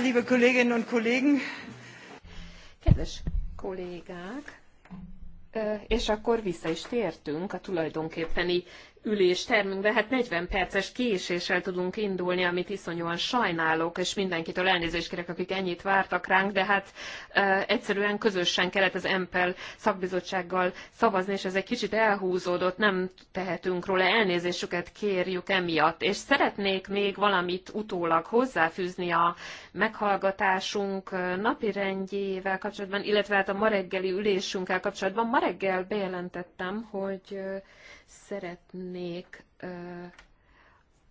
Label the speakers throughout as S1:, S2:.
S1: liebe Kolleginnen und Kollegen.
S2: Kedves kollégák, és akkor vissza is tértünk a tulajdonképpeni termünkbe, hát 40 perces késéssel tudunk indulni, amit iszonyúan sajnálok, és mindenkitől elnézést kérek, akik ennyit vártak ránk, de hát e, egyszerűen közösen kellett az EMPEL szakbizottsággal szavazni, és ez egy kicsit elhúzódott, nem tehetünk róla, elnézésüket kérjük emiatt. És szeretnék még valamit utólag hozzáfűzni a meghallgatásunk napirendjével kapcsolatban, illetve hát a ma reggeli ülésünkkel kapcsolatban. Ma reggel bejelentettem, hogy szeretnék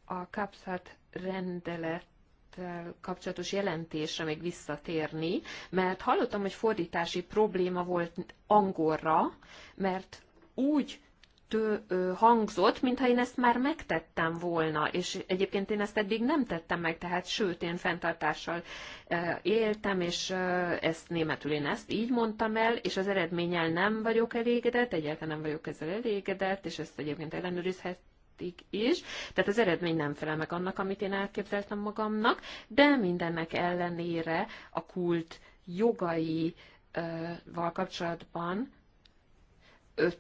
S2: a kapszat rendelet kapcsolatos jelentésre még visszatérni, mert hallottam, hogy fordítási probléma volt angolra, mert úgy tő, ö, hangzott, mintha én ezt már megtettem volna, és egyébként én ezt eddig nem tettem meg, tehát sőt, én fenntartással ö, éltem, és ö, ezt németül én ezt így mondtam el, és az eredménnyel nem vagyok elégedett, egyáltalán nem vagyok ezzel elégedett, és ezt egyébként ellenőrizhet, is. Tehát az eredmény nem felel meg annak, amit én elképzeltem magamnak, de mindennek ellenére a kult jogaival kapcsolatban öt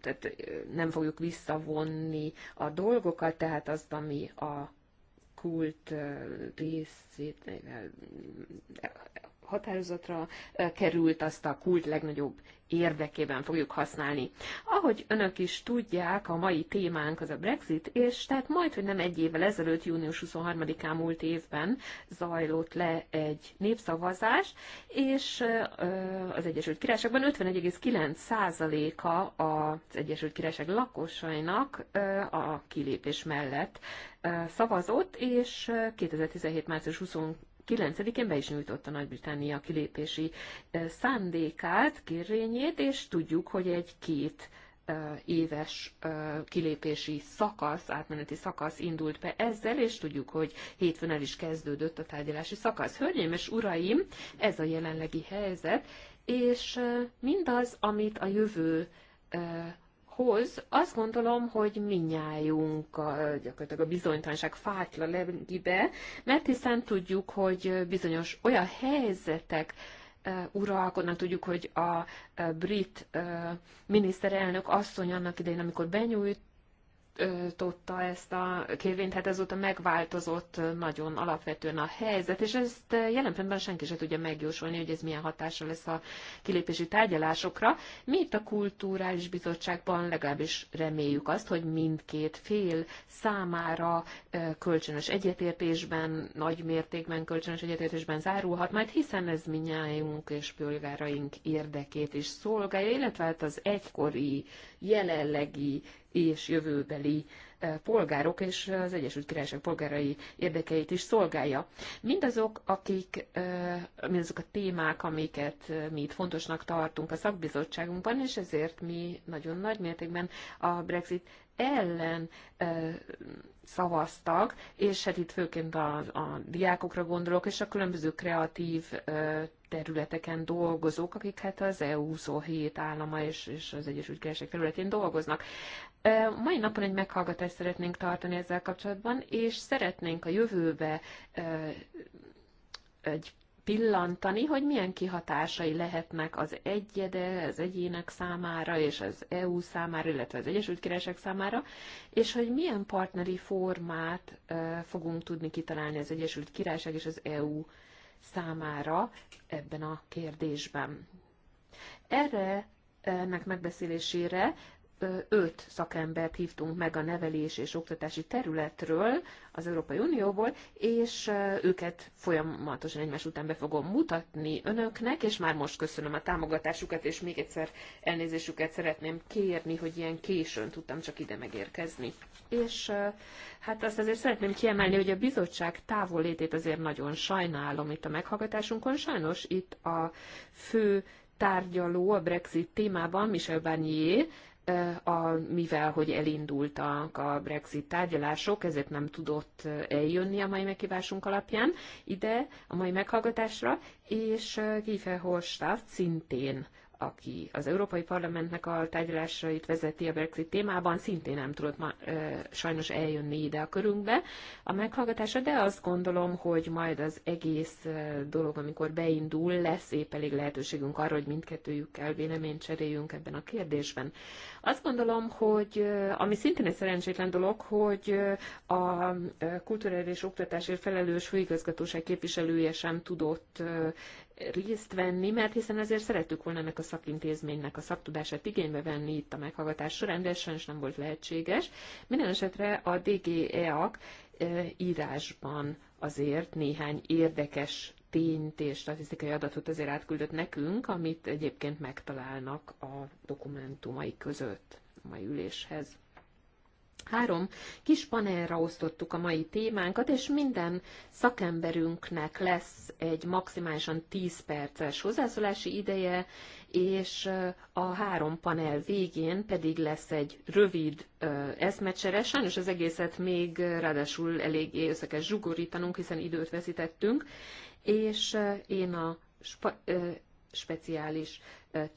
S2: tehát nem fogjuk visszavonni a dolgokat, tehát azt, ami a kult részét határozatra került, azt a kult legnagyobb érdekében fogjuk használni. Ahogy önök is tudják, a mai témánk az a Brexit, és tehát majd, hogy nem egy évvel ezelőtt, június 23-án múlt évben zajlott le egy népszavazás, és az Egyesült Királyságban 51,9%-a az Egyesült Királyság lakosainak a kilépés mellett szavazott, és 2017. március 9-én be is a Nagy-Britannia kilépési szándékát, kérvényét, és tudjuk, hogy egy-két éves kilépési szakasz, átmeneti szakasz indult be ezzel, és tudjuk, hogy hétfőn el is kezdődött a tárgyalási szakasz. Hölgyeim és uraim, ez a jelenlegi helyzet, és mindaz, amit a jövő hoz, azt gondolom, hogy minnyájunk a, gyakorlatilag a bizonytalanság fátyla legibe, mert hiszen tudjuk, hogy bizonyos olyan helyzetek e, uralkodnak. Tudjuk, hogy a e, brit e, miniszterelnök asszony annak idején, amikor benyújt, megváltoztatta ezt a kérvényt, hát ezóta megváltozott nagyon alapvetően a helyzet, és ezt jelen pillanatban senki se tudja megjósolni, hogy ez milyen hatása lesz a kilépési tárgyalásokra. Mi itt a Kulturális Bizottságban legalábbis reméljük azt, hogy mindkét fél számára kölcsönös egyetértésben, nagy mértékben kölcsönös egyetértésben zárulhat, majd hiszen ez minnyájunk és polgáraink érdekét is szolgálja, illetve hát az egykori, jelenlegi és jövőbeli e, polgárok és az Egyesült Királyság polgárai érdekeit is szolgálja. Mindazok, akik, e, mindazok a témák, amiket e, mi itt fontosnak tartunk a szakbizottságunkban, és ezért mi nagyon nagy mértékben a Brexit ellen szavaztak, és hát itt főként a, a diákokra gondolok, és a különböző kreatív területeken dolgozók, akik hát az EU27 állama és, és az Egyesült Királyság területén dolgoznak. Mai napon egy meghallgatást szeretnénk tartani ezzel kapcsolatban, és szeretnénk a jövőbe egy pillantani, hogy milyen kihatásai lehetnek az egyede, az egyének számára, és az EU számára, illetve az Egyesült Királyság számára, és hogy milyen partneri formát fogunk tudni kitalálni az Egyesült Királyság és az EU számára ebben a kérdésben. Erre ennek megbeszélésére öt szakembert hívtunk meg a nevelés és oktatási területről az Európai Unióból, és őket folyamatosan egymás után be fogom mutatni önöknek, és már most köszönöm a támogatásukat, és még egyszer elnézésüket szeretném kérni, hogy ilyen későn tudtam csak ide megérkezni. És hát azt azért szeretném kiemelni, hogy a bizottság távollétét azért nagyon sajnálom itt a meghallgatásunkon. Sajnos itt a fő tárgyaló a Brexit témában, Michel Barnier, a, mivel hogy elindultak a Brexit tárgyalások, ezért nem tudott eljönni a mai meghívásunk alapján ide, a mai meghallgatásra, és Giefer Horstadt szintén aki az Európai Parlamentnek a tárgyalásait vezeti a Brexit témában, szintén nem tudott ma, e, sajnos eljönni ide a körünkbe a meghallgatása, de azt gondolom, hogy majd az egész dolog, amikor beindul, lesz épp elég lehetőségünk arra, hogy mindkettőjükkel véleményt cseréljünk ebben a kérdésben. Azt gondolom, hogy ami szintén egy szerencsétlen dolog, hogy a kulturális oktatásért felelős főigazgatóság képviselője sem tudott részt venni, mert hiszen ezért szerettük volna ennek a szakintézménynek a szaktudását igénybe venni itt a meghallgatás során, de ez sajnos nem volt lehetséges. Minden esetre a DGEAK írásban azért néhány érdekes tényt és statisztikai adatot azért átküldött nekünk, amit egyébként megtalálnak a dokumentumai között a mai üléshez. Három kis panelra osztottuk a mai témánkat, és minden szakemberünknek lesz egy maximálisan 10 perces hozzászólási ideje, és a három panel végén pedig lesz egy rövid eszmecsere. Sajnos az egészet még ráadásul eléggé össze kell zsugorítanunk, hiszen időt veszítettünk, és én a speciális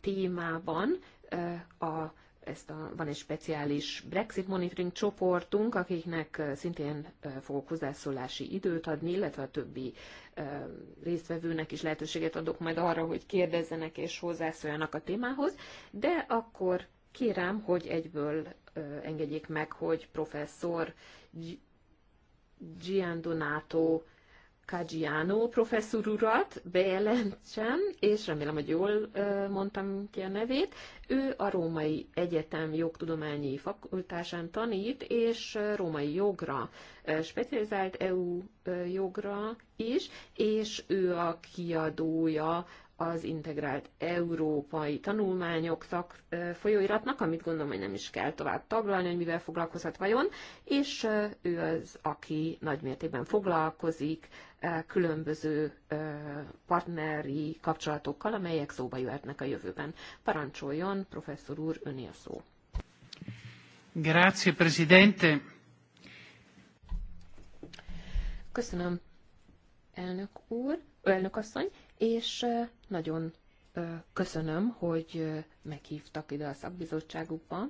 S2: témában a ezt a, van egy speciális Brexit monitoring csoportunk, akiknek szintén fogok hozzászólási időt adni, illetve a többi résztvevőnek is lehetőséget adok majd arra, hogy kérdezzenek és hozzászóljanak a témához, de akkor kérem, hogy egyből engedjék meg, hogy professzor Gian Donato Kajiano professzor urat bejelentsem, és remélem, hogy jól mondtam ki a nevét. Ő a Római Egyetem jogtudományi fakultásán tanít, és római jogra specializált EU jogra is, és ő a kiadója az integrált európai tanulmányok szak folyóiratnak, amit gondolom, hogy nem is kell tovább taglalni, hogy mivel foglalkozhat vajon, és ő az, aki nagymértékben foglalkozik különböző partneri kapcsolatokkal, amelyek szóba jöhetnek a jövőben. Parancsoljon, professzor úr, öné a szó. Grazie, Presidente. Köszönöm, elnök úr, elnök asszony és nagyon köszönöm, hogy meghívtak ide a szakbizottságukba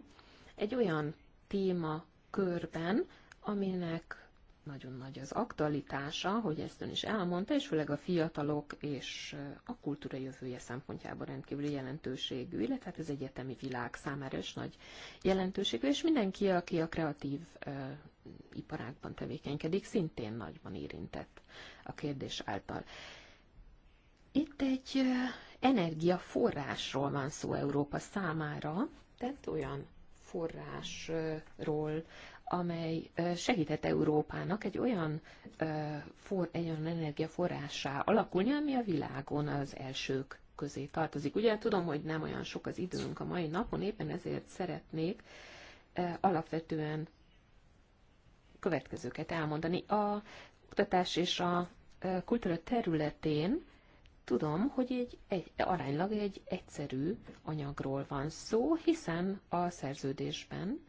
S2: egy olyan téma körben, aminek nagyon nagy az aktualitása, hogy ezt ön is elmondta, és főleg a fiatalok és a kultúra jövője szempontjából rendkívül jelentőségű, illetve hát az egyetemi világ számára is nagy jelentőségű, és mindenki, aki a kreatív ö, iparákban tevékenykedik, szintén nagyban érintett a kérdés által. Itt egy energiaforrásról van szó Európa számára, tehát olyan forrásról, amely segített Európának egy olyan, for, egy olyan energiaforrásá alakulni, ami a világon az elsők közé tartozik. Ugye tudom, hogy nem olyan sok az időnk a mai napon, éppen ezért szeretnék alapvetően következőket elmondani. A oktatás és a kultúra területén Tudom, hogy egy, egy, aránylag egy egyszerű anyagról van szó, hiszen a szerződésben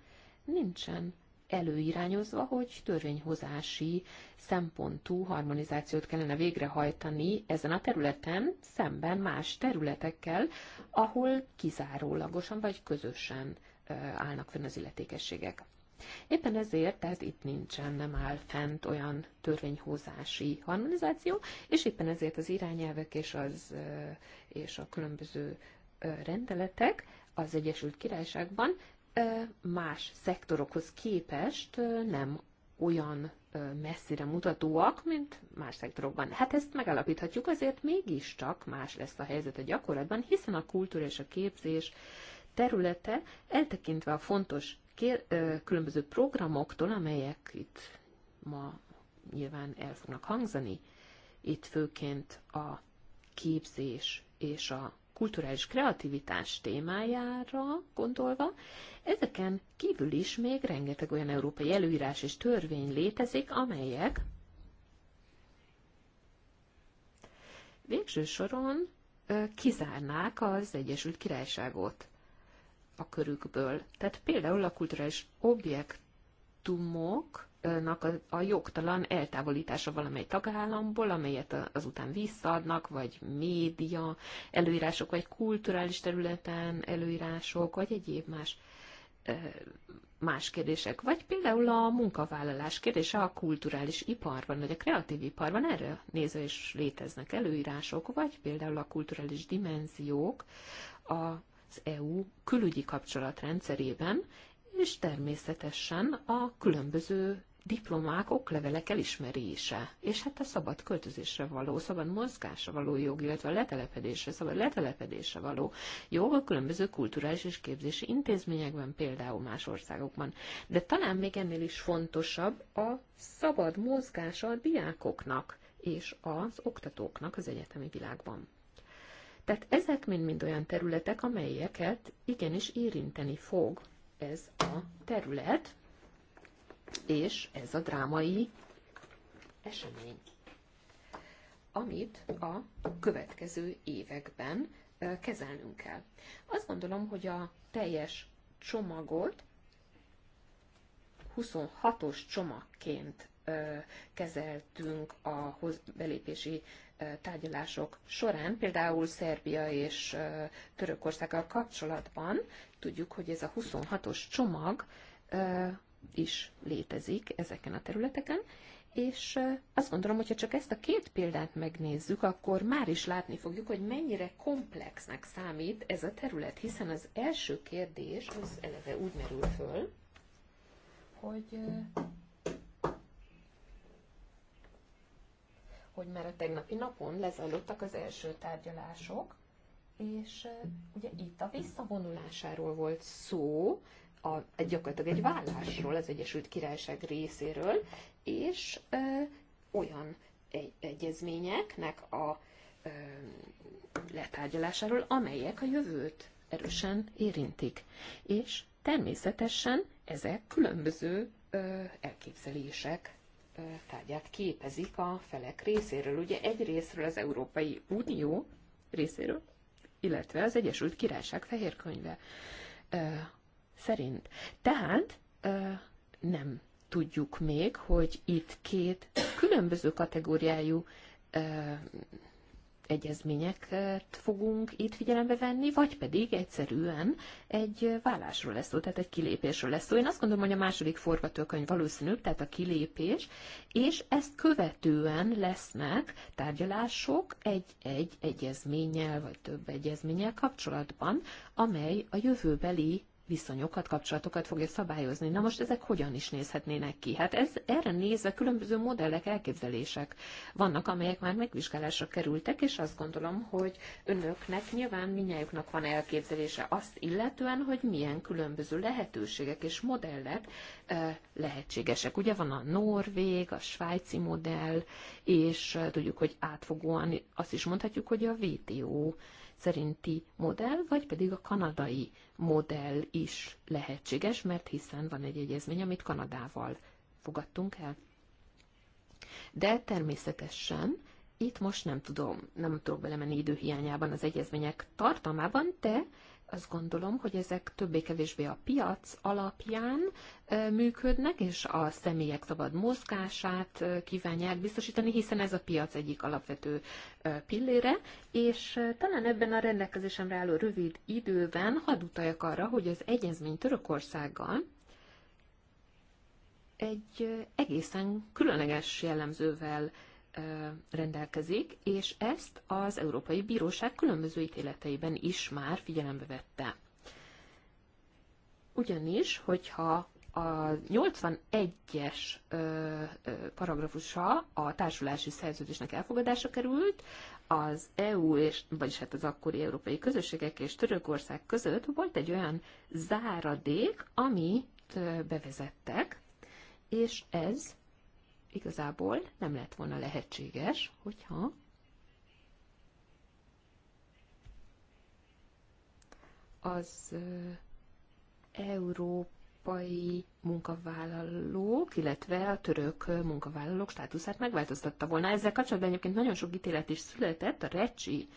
S2: nincsen előirányozva, hogy törvényhozási szempontú harmonizációt kellene végrehajtani ezen a területen, szemben más területekkel, ahol kizárólagosan vagy közösen állnak fönn az illetékességek. Éppen ezért, tehát itt nincsen, nem áll fent olyan törvényhozási harmonizáció, és éppen ezért az irányelvek és, az, és a különböző rendeletek az Egyesült Királyságban más szektorokhoz képest nem olyan messzire mutatóak, mint más szektorokban. Hát ezt megalapíthatjuk, azért mégiscsak más lesz a helyzet a gyakorlatban, hiszen a kultúra és a képzés területe, eltekintve a fontos kér, különböző programoktól, amelyek itt ma nyilván el fognak hangzani. Itt főként a képzés és a kulturális kreativitás témájára gondolva, ezeken kívül is még rengeteg olyan európai előírás és törvény létezik, amelyek végső soron kizárnák az Egyesült Királyságot a körükből. Tehát például a kulturális objektumok, a jogtalan eltávolítása valamely tagállamból, amelyet azután visszaadnak, vagy média előírások, vagy kulturális területen előírások, vagy egyéb más más kérdések, vagy például a munkavállalás kérdése a kulturális iparban, vagy a kreatív iparban, erre nézve is léteznek előírások, vagy például a kulturális dimenziók a az EU külügyi kapcsolatrendszerében, és természetesen a különböző diplomák, oklevelek elismerése, és hát a szabad költözésre való, szabad mozgásra való jog, illetve a letelepedésre, szabad letelepedésre való jog a különböző kulturális és képzési intézményekben, például más országokban. De talán még ennél is fontosabb a szabad mozgása a diákoknak és az oktatóknak az egyetemi világban. Tehát ezek mind-mind olyan területek, amelyeket igenis érinteni fog ez a terület, és ez a drámai esemény, amit a következő években kezelnünk kell. Azt gondolom, hogy a teljes csomagot 26-os csomagként kezeltünk a belépési tárgyalások során, például Szerbia és Törökországgal kapcsolatban. Tudjuk, hogy ez a 26-os csomag is létezik ezeken a területeken, és azt gondolom, hogyha csak ezt a két példát megnézzük, akkor már is látni fogjuk, hogy mennyire komplexnek számít ez a terület, hiszen az első kérdés az eleve úgy merül föl, hogy hogy mert a tegnapi napon lezajlottak az első tárgyalások, és ugye itt a visszavonulásáról volt szó, a, egy gyakorlatilag egy vállásról az Egyesült Királyság részéről, és ö, olyan egy, egyezményeknek a ö, letárgyalásáról, amelyek a jövőt erősen érintik. És természetesen ezek különböző ö, elképzelések tárgyát képezik a felek részéről. Ugye egy részről az Európai Unió részéről, illetve az Egyesült Királyság fehér könyve szerint. Tehát nem tudjuk még, hogy itt két különböző kategóriájú egyezményeket fogunk itt figyelembe venni, vagy pedig egyszerűen egy vállásról lesz szó, tehát egy kilépésről lesz szó. Én azt gondolom, hogy a második forgatókönyv valószínűbb, tehát a kilépés, és ezt követően lesznek tárgyalások egy-egy egyezménnyel, vagy több egyezménnyel kapcsolatban, amely a jövőbeli viszonyokat, kapcsolatokat fogja szabályozni. Na most ezek hogyan is nézhetnének ki? Hát ez, erre nézve különböző modellek, elképzelések vannak, amelyek már megvizsgálásra kerültek, és azt gondolom, hogy önöknek nyilván minnyájuknak van elképzelése azt illetően, hogy milyen különböző lehetőségek és modellek e, lehetségesek. Ugye van a norvég, a svájci modell, és tudjuk, hogy átfogóan azt is mondhatjuk, hogy a VTO szerinti modell, vagy pedig a kanadai modell is lehetséges, mert hiszen van egy egyezmény, amit Kanadával fogadtunk el. De természetesen itt most nem tudom, nem tudok belemenni időhiányában az egyezmények tartalmában, de azt gondolom, hogy ezek többé-kevésbé a piac alapján működnek, és a személyek szabad mozgását kívánják biztosítani, hiszen ez a piac egyik alapvető pillére, és talán ebben a rendelkezésemre álló rövid időben hadd utaljak arra, hogy az egyezmény Törökországgal egy egészen különleges jellemzővel rendelkezik, és ezt az Európai Bíróság különböző ítéleteiben is már figyelembe vette. Ugyanis, hogyha a 81-es paragrafusa a társulási szerződésnek elfogadása került, az EU, és, vagyis hát az akkori európai közösségek és Törökország között volt egy olyan záradék, amit bevezettek, és ez igazából nem lett volna lehetséges, hogyha az európai munkavállalók, illetve a török munkavállalók státuszát megváltoztatta volna. Ezzel kapcsolatban egyébként nagyon sok ítélet is született, a Recsi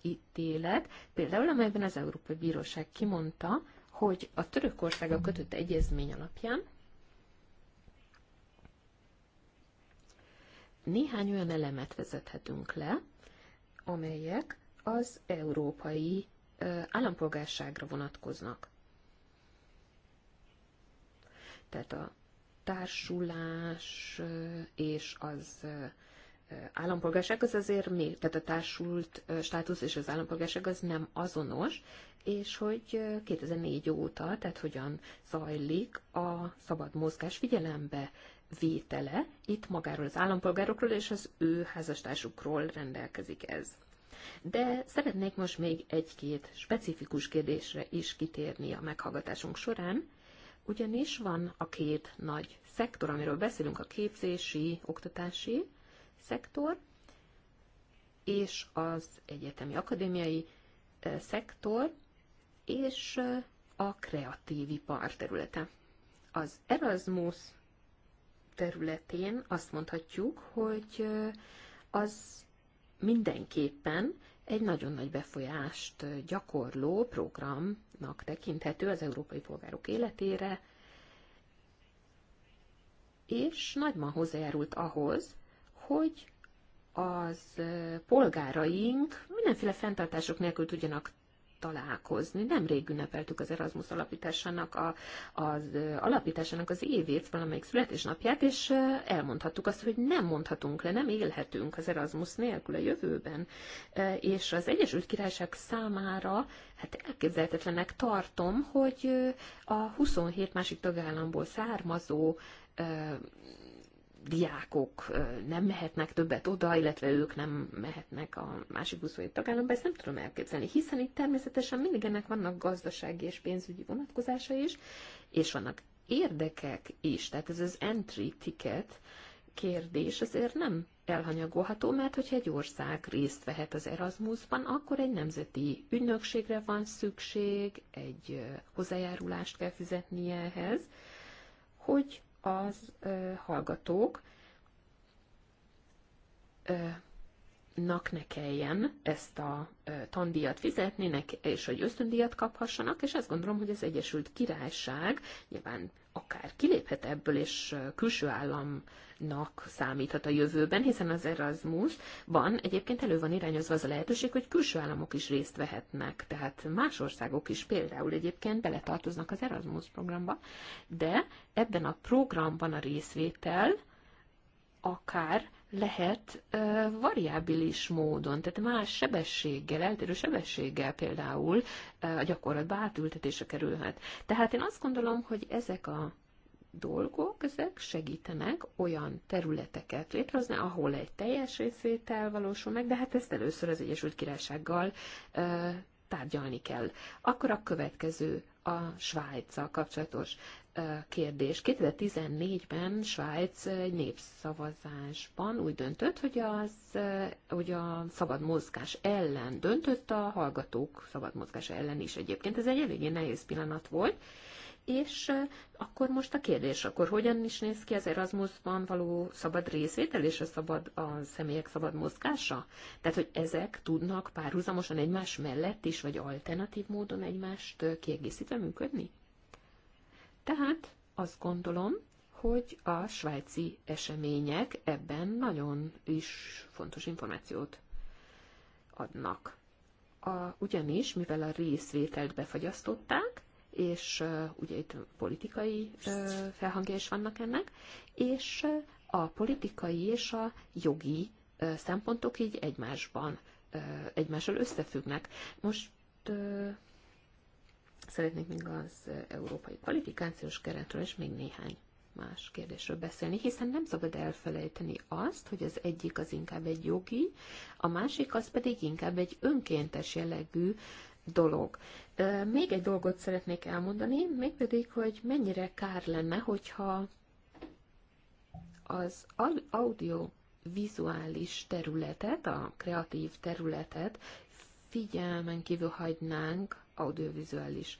S2: ítélet, például amelyben az Európai Bíróság kimondta, hogy a Törökországgal kötött egyezmény alapján néhány olyan elemet vezethetünk le, amelyek az európai állampolgárságra vonatkoznak. Tehát a társulás és az állampolgárság az azért mi? tehát a társult státusz és az állampolgárság az nem azonos, és hogy 2004 óta, tehát hogyan zajlik a szabad mozgás figyelembe vétele, itt magáról az állampolgárokról és az ő házastársukról rendelkezik ez. De szeretnék most még egy-két specifikus kérdésre is kitérni a meghallgatásunk során, ugyanis van a két nagy szektor, amiről beszélünk, a képzési, oktatási szektor, és az egyetemi akadémiai szektor, és a kreatív ipar területe. Az Erasmus területén azt mondhatjuk, hogy az mindenképpen egy nagyon nagy befolyást gyakorló programnak tekinthető az európai polgárok életére, és nagyban hozzájárult ahhoz, hogy az polgáraink mindenféle fenntartások nélkül tudjanak találkozni. Nemrég ünnepeltük az Erasmus alapításának, a, az alapításának az évét, valamelyik születésnapját, és elmondhattuk azt, hogy nem mondhatunk le, nem élhetünk az Erasmus nélkül a jövőben. És az Egyesült Királyság számára hát elképzelhetetlenek tartom, hogy a 27 másik tagállamból származó diákok nem mehetnek többet oda, illetve ők nem mehetnek a másik buszói tagállamba, ezt nem tudom elképzelni, hiszen itt természetesen mindig ennek vannak gazdasági és pénzügyi vonatkozása is, és vannak érdekek is, tehát ez az entry ticket kérdés azért nem elhanyagolható, mert hogyha egy ország részt vehet az Erasmusban, akkor egy nemzeti ügynökségre van szükség, egy hozzájárulást kell fizetnie ehhez, hogy az hallgatók nak ne kelljen ezt a tandíjat fizetni, és hogy ösztöndíjat kaphassanak, és azt gondolom, hogy az Egyesült Királyság nyilván akár kiléphet ebből, és külső államnak számíthat a jövőben, hiszen az Erasmusban egyébként elő van irányozva az a lehetőség, hogy külső államok is részt vehetnek, tehát más országok is például egyébként beletartoznak az Erasmus programba, de ebben a programban a részvétel akár lehet ö, variábilis módon, tehát más sebességgel, eltérő sebességgel például ö, a gyakorlatba átültetése kerülhet. Tehát én azt gondolom, hogy ezek a dolgok, ezek segítenek olyan területeket létrehozni, ahol egy teljes részvétel valósul meg, de hát ezt először az Egyesült Királysággal ö, tárgyalni kell. Akkor a következő a Svájccal kapcsolatos kérdés. 2014-ben Svájc egy népszavazásban úgy döntött, hogy, az, hogy a szabad mozgás ellen döntött, a hallgatók szabad mozgás ellen is egyébként. Ez egy eléggé nehéz pillanat volt, és akkor most a kérdés, akkor hogyan is néz ki az Erasmusban való szabad részvétel és a, szabad, a személyek szabad mozgása? Tehát, hogy ezek tudnak párhuzamosan egymás mellett is, vagy alternatív módon egymást kiegészítve működni? Tehát azt gondolom, hogy a svájci események ebben nagyon is fontos információt adnak. A, ugyanis, mivel a részvételt befagyasztották, és ugye itt politikai felhangja is vannak ennek, és a politikai és a jogi szempontok így egymásban, egymással összefüggnek. Most szeretnék még az európai kvalifikációs keretről és még néhány más kérdésről beszélni, hiszen nem szabad elfelejteni azt, hogy az egyik az inkább egy jogi, a másik az pedig inkább egy önkéntes jellegű dolog. Még egy dolgot szeretnék elmondani, mégpedig, hogy mennyire kár lenne, hogyha az audiovizuális területet, a kreatív területet figyelmen kívül hagynánk audiovizuális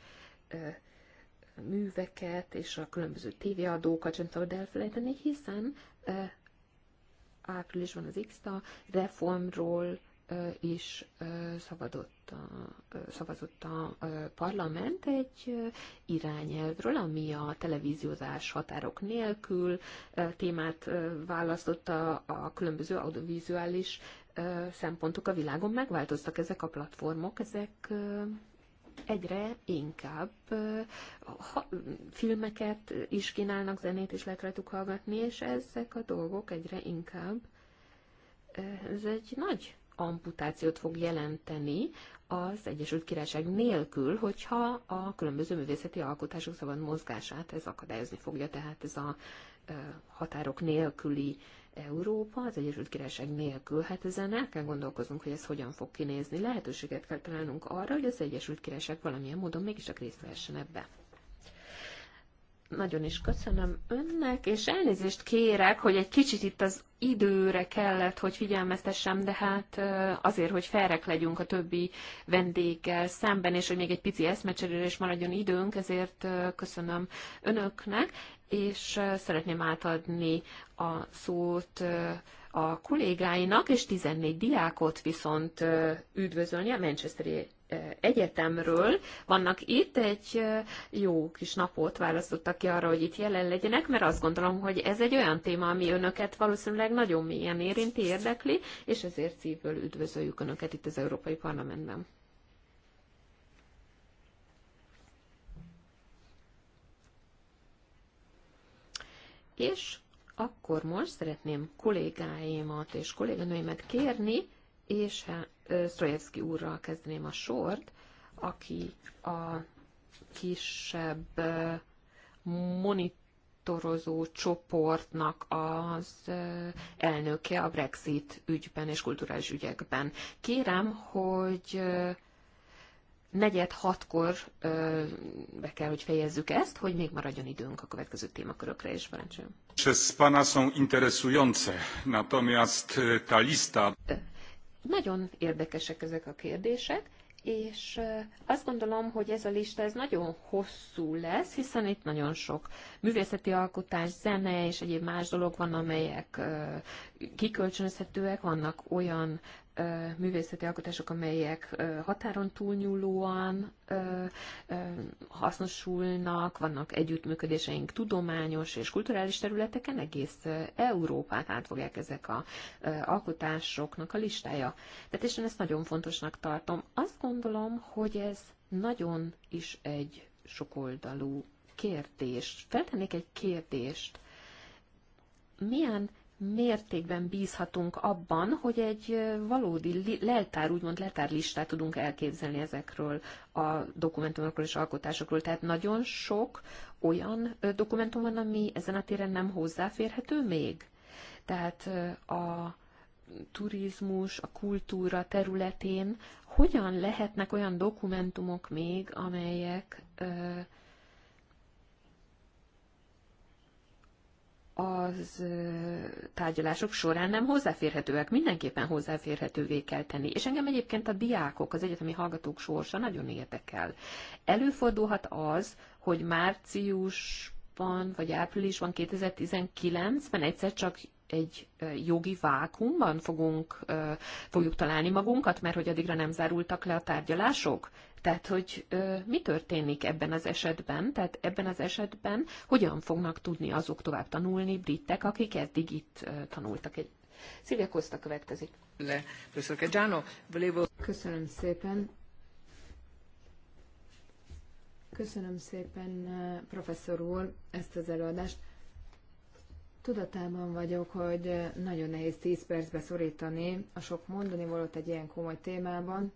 S2: műveket és a különböző tévéadókat sem szabad elfelejteni, hiszen áprilisban az X-ta reformról is szabadott a, szavazott a parlament egy irányelvről, ami a televíziózás határok nélkül témát választotta a különböző audiovizuális szempontok a világon. Megváltoztak ezek a platformok, ezek egyre inkább ha, filmeket is kínálnak, zenét is lehet rajtuk hallgatni, és ezek a dolgok egyre inkább, ez egy nagy amputációt fog jelenteni az Egyesült Királyság nélkül, hogyha a különböző művészeti alkotások szabad mozgását ez akadályozni fogja, tehát ez a határok nélküli Európa, az Egyesült Királyság nélkül, hát ezen el kell gondolkoznunk, hogy ez hogyan fog kinézni. Lehetőséget kell találnunk arra, hogy az Egyesült Királyság valamilyen módon mégiscsak részt vehessen ebbe. Nagyon is köszönöm önnek, és elnézést kérek, hogy egy kicsit itt az időre kellett, hogy figyelmeztessem, de hát azért, hogy felrek legyünk a többi vendéggel szemben, és hogy még egy pici eszmecserére is maradjon időnk, ezért köszönöm önöknek, és szeretném átadni a szót a kollégáinak, és 14 diákot viszont üdvözölni a Manchesteri egyetemről vannak itt, egy jó kis napot választottak ki arra, hogy itt jelen legyenek, mert azt gondolom, hogy ez egy olyan téma, ami önöket valószínűleg nagyon mélyen érinti, érdekli, és ezért szívből üdvözöljük önöket itt az Európai Parlamentben. És akkor most szeretném kollégáimat és kolléganőimet kérni, és Sztrojevszki úrral kezdeném a sort, aki a kisebb monitorozó csoportnak az elnöke a Brexit ügyben és kulturális ügyekben. Kérem, hogy negyed hatkor be kell, hogy fejezzük ezt, hogy még maradjon időnk a következő témakörökre, és parancsoljon.
S1: Przez pana są interesujące, natomiast e, ta lista...
S2: Nagyon érdekesek ezek a kérdések, és azt gondolom, hogy ez a lista ez nagyon hosszú lesz, hiszen itt nagyon sok művészeti alkotás, zene és egyéb más dolog van, amelyek kikölcsönözhetőek, vannak olyan művészeti alkotások, amelyek határon túlnyúlóan hasznosulnak, vannak együttműködéseink tudományos és kulturális területeken, egész Európát átfogják ezek a alkotásoknak a listája. Tehát és én ezt nagyon fontosnak tartom. Azt gondolom, hogy ez nagyon is egy sokoldalú kérdés. Feltennék egy kérdést. Milyen mértékben bízhatunk abban, hogy egy valódi leltár, úgymond leltárlistát tudunk elképzelni ezekről a dokumentumokról és alkotásokról. Tehát nagyon sok olyan dokumentum van, ami ezen a téren nem hozzáférhető még. Tehát a turizmus, a kultúra területén hogyan lehetnek olyan dokumentumok még, amelyek az tárgyalások során nem hozzáférhetőek, mindenképpen hozzáférhetővé kell tenni. És engem egyébként a diákok, az egyetemi hallgatók sorsa nagyon érdekel. Előfordulhat az, hogy márciusban vagy áprilisban 2019-ben egyszer csak egy jogi vákumban fogunk, fogjuk találni magunkat, mert hogy addigra nem zárultak le a tárgyalások? Tehát, hogy mi történik ebben az esetben? Tehát ebben az esetben hogyan fognak tudni azok tovább tanulni britek, akik eddig itt tanultak? Egy... Szilvia Costa következik.
S3: Le. Köszönöm szépen. Köszönöm szépen, professzor úr, ezt az előadást. Tudatában vagyok, hogy eh, nagyon nehéz 10 percbe szorítani a sok mondani volt egy ilyen komoly témában.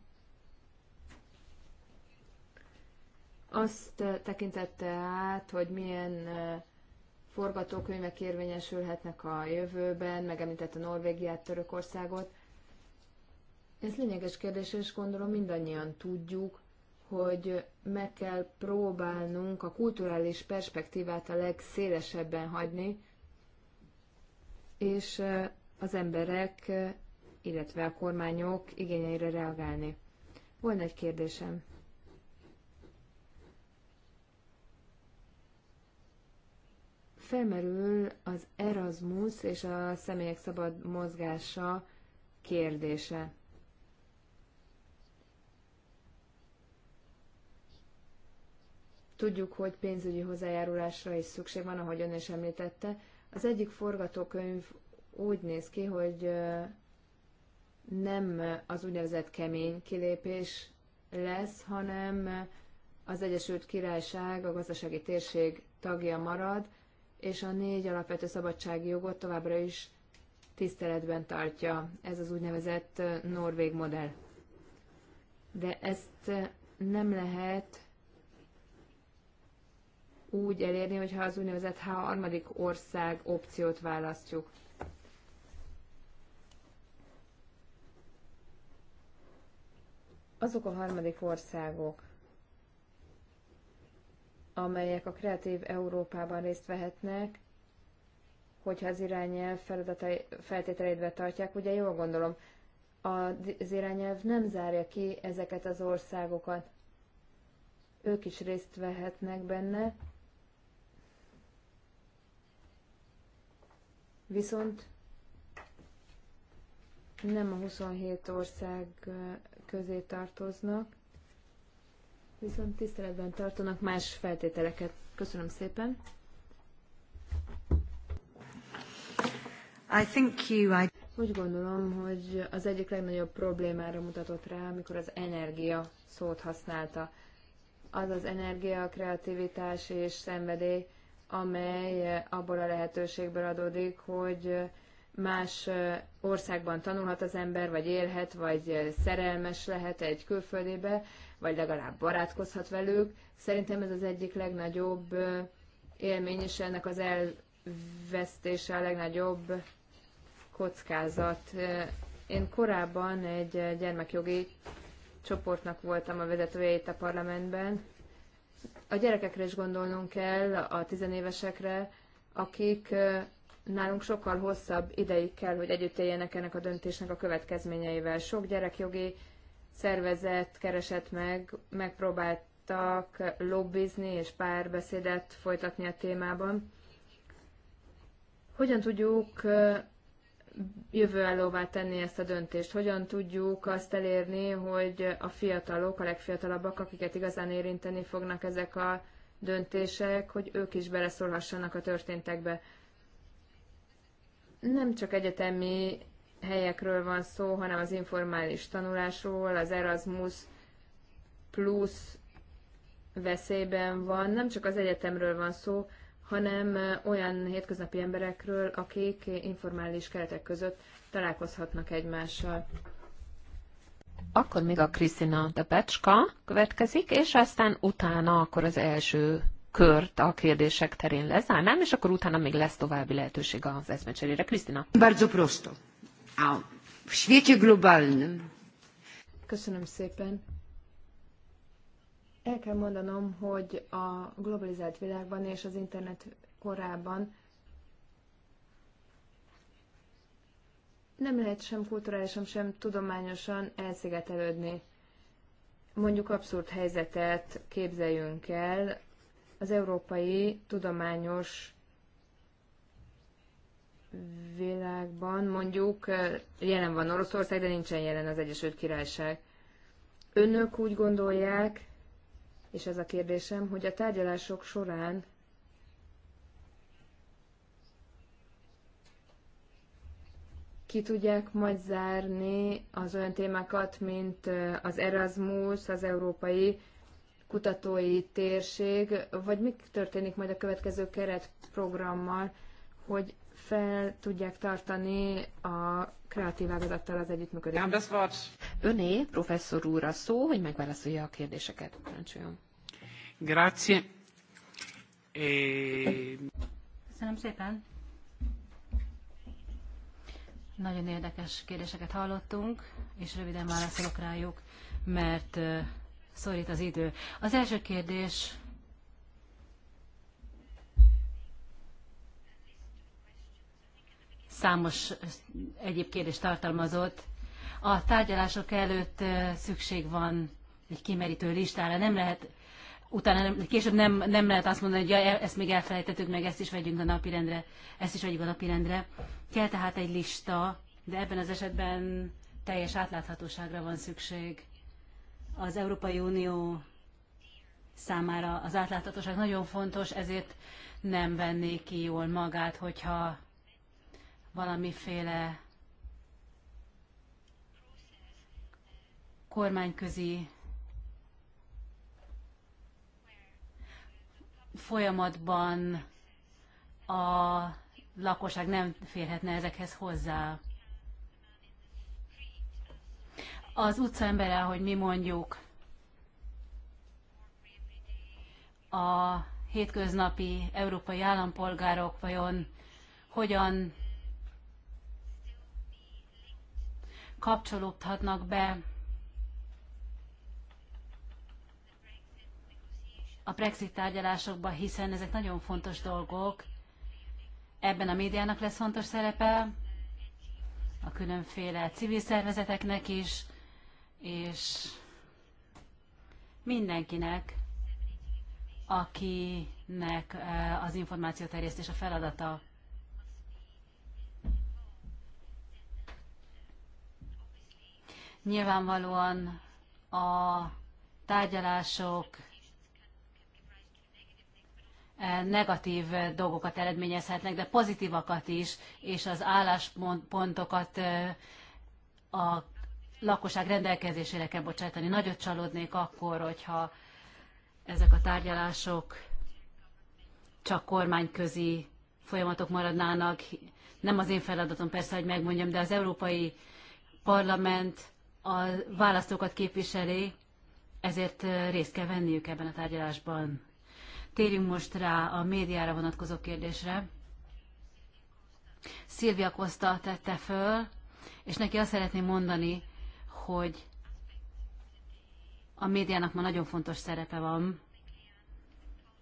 S3: Azt eh, tekintette át, hogy milyen eh, forgatókönyvek érvényesülhetnek a jövőben, megemlítette Norvégiát, Törökországot. Ez lényeges kérdés, és gondolom mindannyian tudjuk, hogy meg kell próbálnunk a kulturális perspektívát a legszélesebben hagyni, és az emberek, illetve a kormányok igényeire reagálni. Volna egy kérdésem. Felmerül az Erasmus és a személyek szabad mozgása kérdése. Tudjuk, hogy pénzügyi hozzájárulásra is szükség van, ahogy ön is említette, az egyik forgatókönyv úgy néz ki, hogy nem az úgynevezett kemény kilépés lesz, hanem az Egyesült Királyság a gazdasági térség tagja marad, és a négy alapvető szabadsági jogot továbbra is tiszteletben tartja. Ez az úgynevezett norvég modell. De ezt nem lehet úgy elérni, hogyha az úgynevezett harmadik ország opciót választjuk. Azok a harmadik országok, amelyek a Kreatív Európában részt vehetnek, hogyha az irányelv feladatai, feltételeit betartják, ugye jól gondolom, az irányelv nem zárja ki ezeket az országokat. Ők is részt vehetnek benne, viszont nem a 27 ország közé tartoznak, viszont tiszteletben tartanak más feltételeket. Köszönöm szépen. I think you, I... Úgy gondolom, hogy az egyik legnagyobb problémára mutatott rá, amikor az energia szót használta. Az az energia, kreativitás és szenvedély, amely abból a lehetőségből adódik, hogy más országban tanulhat az ember, vagy élhet, vagy szerelmes lehet egy külföldébe, vagy legalább barátkozhat velük. Szerintem ez az egyik legnagyobb élmény, és ennek az elvesztése a legnagyobb kockázat. Én korábban egy gyermekjogi csoportnak voltam a vezetője itt a parlamentben, a gyerekekre is gondolnunk kell, a tizenévesekre, akik nálunk sokkal hosszabb ideig kell, hogy együtt éljenek ennek a döntésnek a következményeivel. Sok gyerekjogi szervezet keresett meg, megpróbáltak lobbizni és párbeszédet folytatni a témában. Hogyan tudjuk jövőállóvá tenni ezt a döntést? Hogyan tudjuk azt elérni, hogy a fiatalok, a legfiatalabbak, akiket igazán érinteni fognak ezek a döntések, hogy ők is beleszólhassanak a történtekbe? Nem csak egyetemi helyekről van szó, hanem az informális tanulásról, az Erasmus plusz veszélyben van, nem csak az egyetemről van szó, hanem olyan hétköznapi emberekről, akik informális keretek között találkozhatnak egymással.
S2: Akkor még a Krisztina Becska következik, és aztán utána akkor az első kört a kérdések terén lezárnám, és akkor utána még lesz további lehetőség az eszmecserére. Krisztina. Bardzo prosto. A świecie globalnym.
S3: Köszönöm szépen. El kell mondanom, hogy a globalizált világban és az internet korában nem lehet sem kulturálisan, sem tudományosan elszigetelődni. Mondjuk abszurd helyzetet képzeljünk el az európai tudományos világban, mondjuk jelen van Oroszország, de nincsen jelen az Egyesült Királyság. Önök úgy gondolják, és ez a kérdésem, hogy a tárgyalások során ki tudják majd zárni az olyan témákat, mint az Erasmus, az európai kutatói térség, vagy mi történik majd a következő keretprogrammal, hogy fel tudják tartani a kreatív ágazattal az együttműködést. Nem, das Wort. Öné,
S2: professzor úr, a szó, hogy megválaszolja a kérdéseket. Parancsoljon.
S1: Grazie. E... Köszönöm szépen. Nagyon érdekes kérdéseket hallottunk, és röviden válaszolok rájuk, mert szorít az idő. Az első kérdés számos egyéb kérdést tartalmazott. A tárgyalások előtt szükség van egy kimerítő listára. Nem lehet utána nem, később nem, nem lehet azt mondani, hogy ja, e, ezt még elfelejtettük, meg ezt is vegyünk a napirendre, ezt is vegyük a napirendre. Kell tehát egy lista, de ebben az esetben teljes átláthatóságra van szükség. Az Európai Unió számára az átláthatóság nagyon fontos, ezért nem venné ki jól magát, hogyha valamiféle kormányközi folyamatban a lakosság nem férhetne ezekhez hozzá. Az utcaembere, ahogy mi mondjuk, a hétköznapi európai állampolgárok vajon hogyan kapcsolódhatnak be a Brexit tárgyalásokba, hiszen ezek nagyon fontos dolgok. Ebben a médiának lesz fontos szerepe, a különféle civil szervezeteknek is, és mindenkinek, akinek eh, az információterjesztés a feladata. Nyilvánvalóan a tárgyalások e, negatív dolgokat eredményezhetnek, de pozitívakat is, és az álláspontokat e, a lakosság rendelkezésére kell bocsátani. Nagyot csalódnék akkor, hogyha ezek a tárgyalások csak kormányközi folyamatok maradnának. Nem az én feladatom persze, hogy megmondjam, de az Európai Parlament a választókat képviseli, ezért részt kell venniük ebben a tárgyalásban. Térjünk most rá a médiára vonatkozó kérdésre. Szilvia Koszta tette föl, és neki azt szeretném mondani, hogy a médiának ma nagyon fontos szerepe van,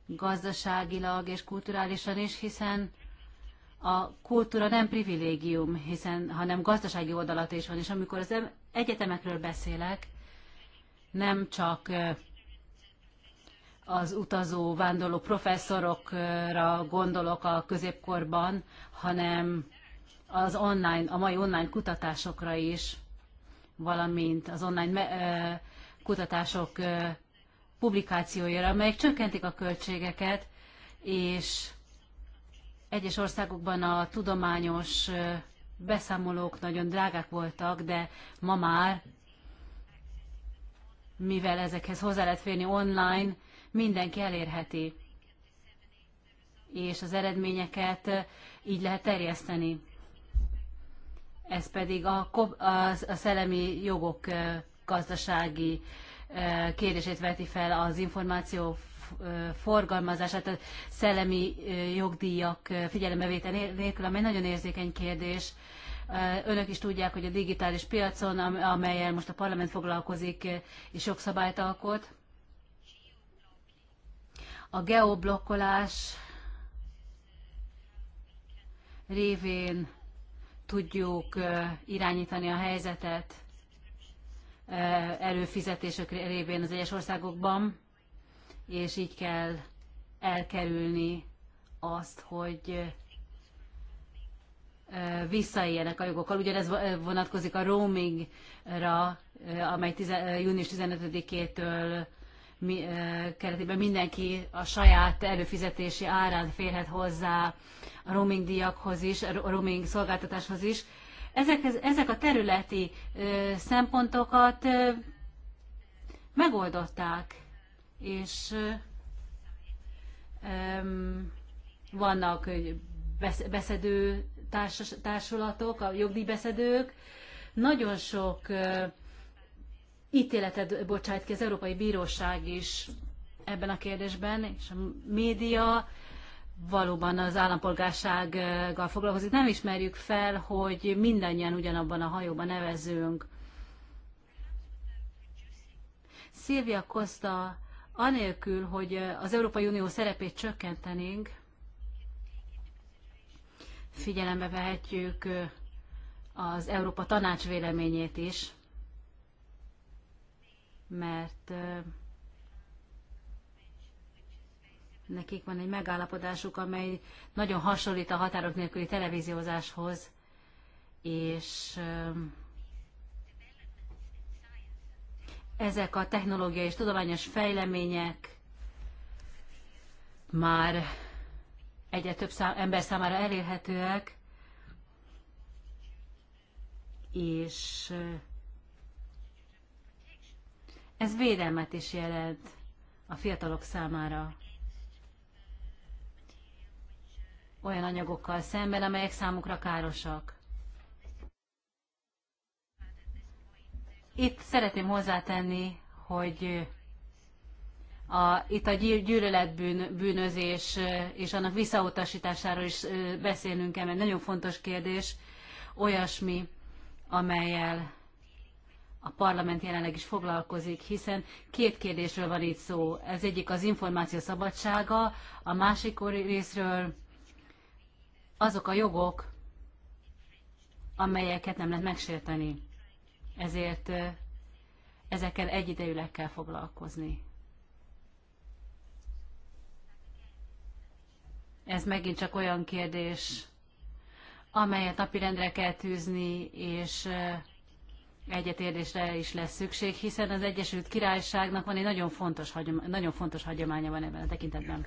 S1: gazdaságilag és kulturálisan is, hiszen a kultúra nem privilégium, hiszen, hanem gazdasági oldalat is van, és amikor az egyetemekről beszélek, nem csak az utazó, vándorló professzorokra gondolok a középkorban, hanem az online, a mai online kutatásokra is, valamint az online kutatások publikációira, amelyek csökkentik a költségeket, és egyes országokban a tudományos beszámolók nagyon drágák voltak, de ma már, mivel ezekhez hozzá lehet férni online, mindenki elérheti, és az eredményeket így lehet terjeszteni. Ez pedig a, a szellemi jogok gazdasági kérdését veti fel az információ forgalmazását a szellemi jogdíjak figyelembevétel nélkül, amely nagyon érzékeny kérdés. Önök is tudják, hogy a digitális piacon, amelyel most a parlament foglalkozik, és szabályt alkot. A geoblokkolás révén tudjuk irányítani a helyzetet előfizetések révén az egyes országokban és így kell elkerülni azt, hogy visszaéljenek a jogokkal. Ugyanez vonatkozik a roamingra, amely 10, június 15-től keretében mindenki a saját előfizetési árán férhet hozzá a roaming díjakhoz is, a roaming szolgáltatáshoz is. Ezek, ezek a területi szempontokat megoldották és vannak beszedő társulatok, a jogdíjbeszedők. Nagyon sok ítéletet bocsájt ki az Európai Bíróság is ebben a kérdésben, és a média valóban az állampolgársággal foglalkozik. Nem ismerjük fel, hogy mindannyian ugyanabban a hajóban nevezünk. Szilvia Costa anélkül, hogy eh, az Európai Unió szerepét csökkentenénk, figyelembe vehetjük eh, az Európa Tanács véleményét is, mert eh, nekik van egy megállapodásuk, amely nagyon hasonlít a határok nélküli televíziózáshoz, és ezek a technológiai és tudományos fejlemények már egyre több szám, ember számára elérhetőek, és eh, ez védelmet is jelent a fiatalok számára olyan anyagokkal szemben, amelyek számukra károsak. Itt szeretném hozzátenni, hogy a, itt a gyűlöletbűn, bűnözés és annak visszautasításáról is beszélnünk kell, mert nagyon fontos kérdés, olyasmi, amelyel a parlament jelenleg is foglalkozik, hiszen két kérdésről van itt szó. Ez egyik az információ szabadsága, a másik részről azok a jogok, amelyeket nem lehet megsérteni ezért ezekkel egyidejűleg kell foglalkozni. Ez megint csak olyan kérdés, amelyet napirendre kell tűzni, és egyetérdésre is lesz szükség, hiszen az Egyesült Királyságnak van egy nagyon fontos, hagyoma, nagyon fontos hagyománya van ebben a tekintetben.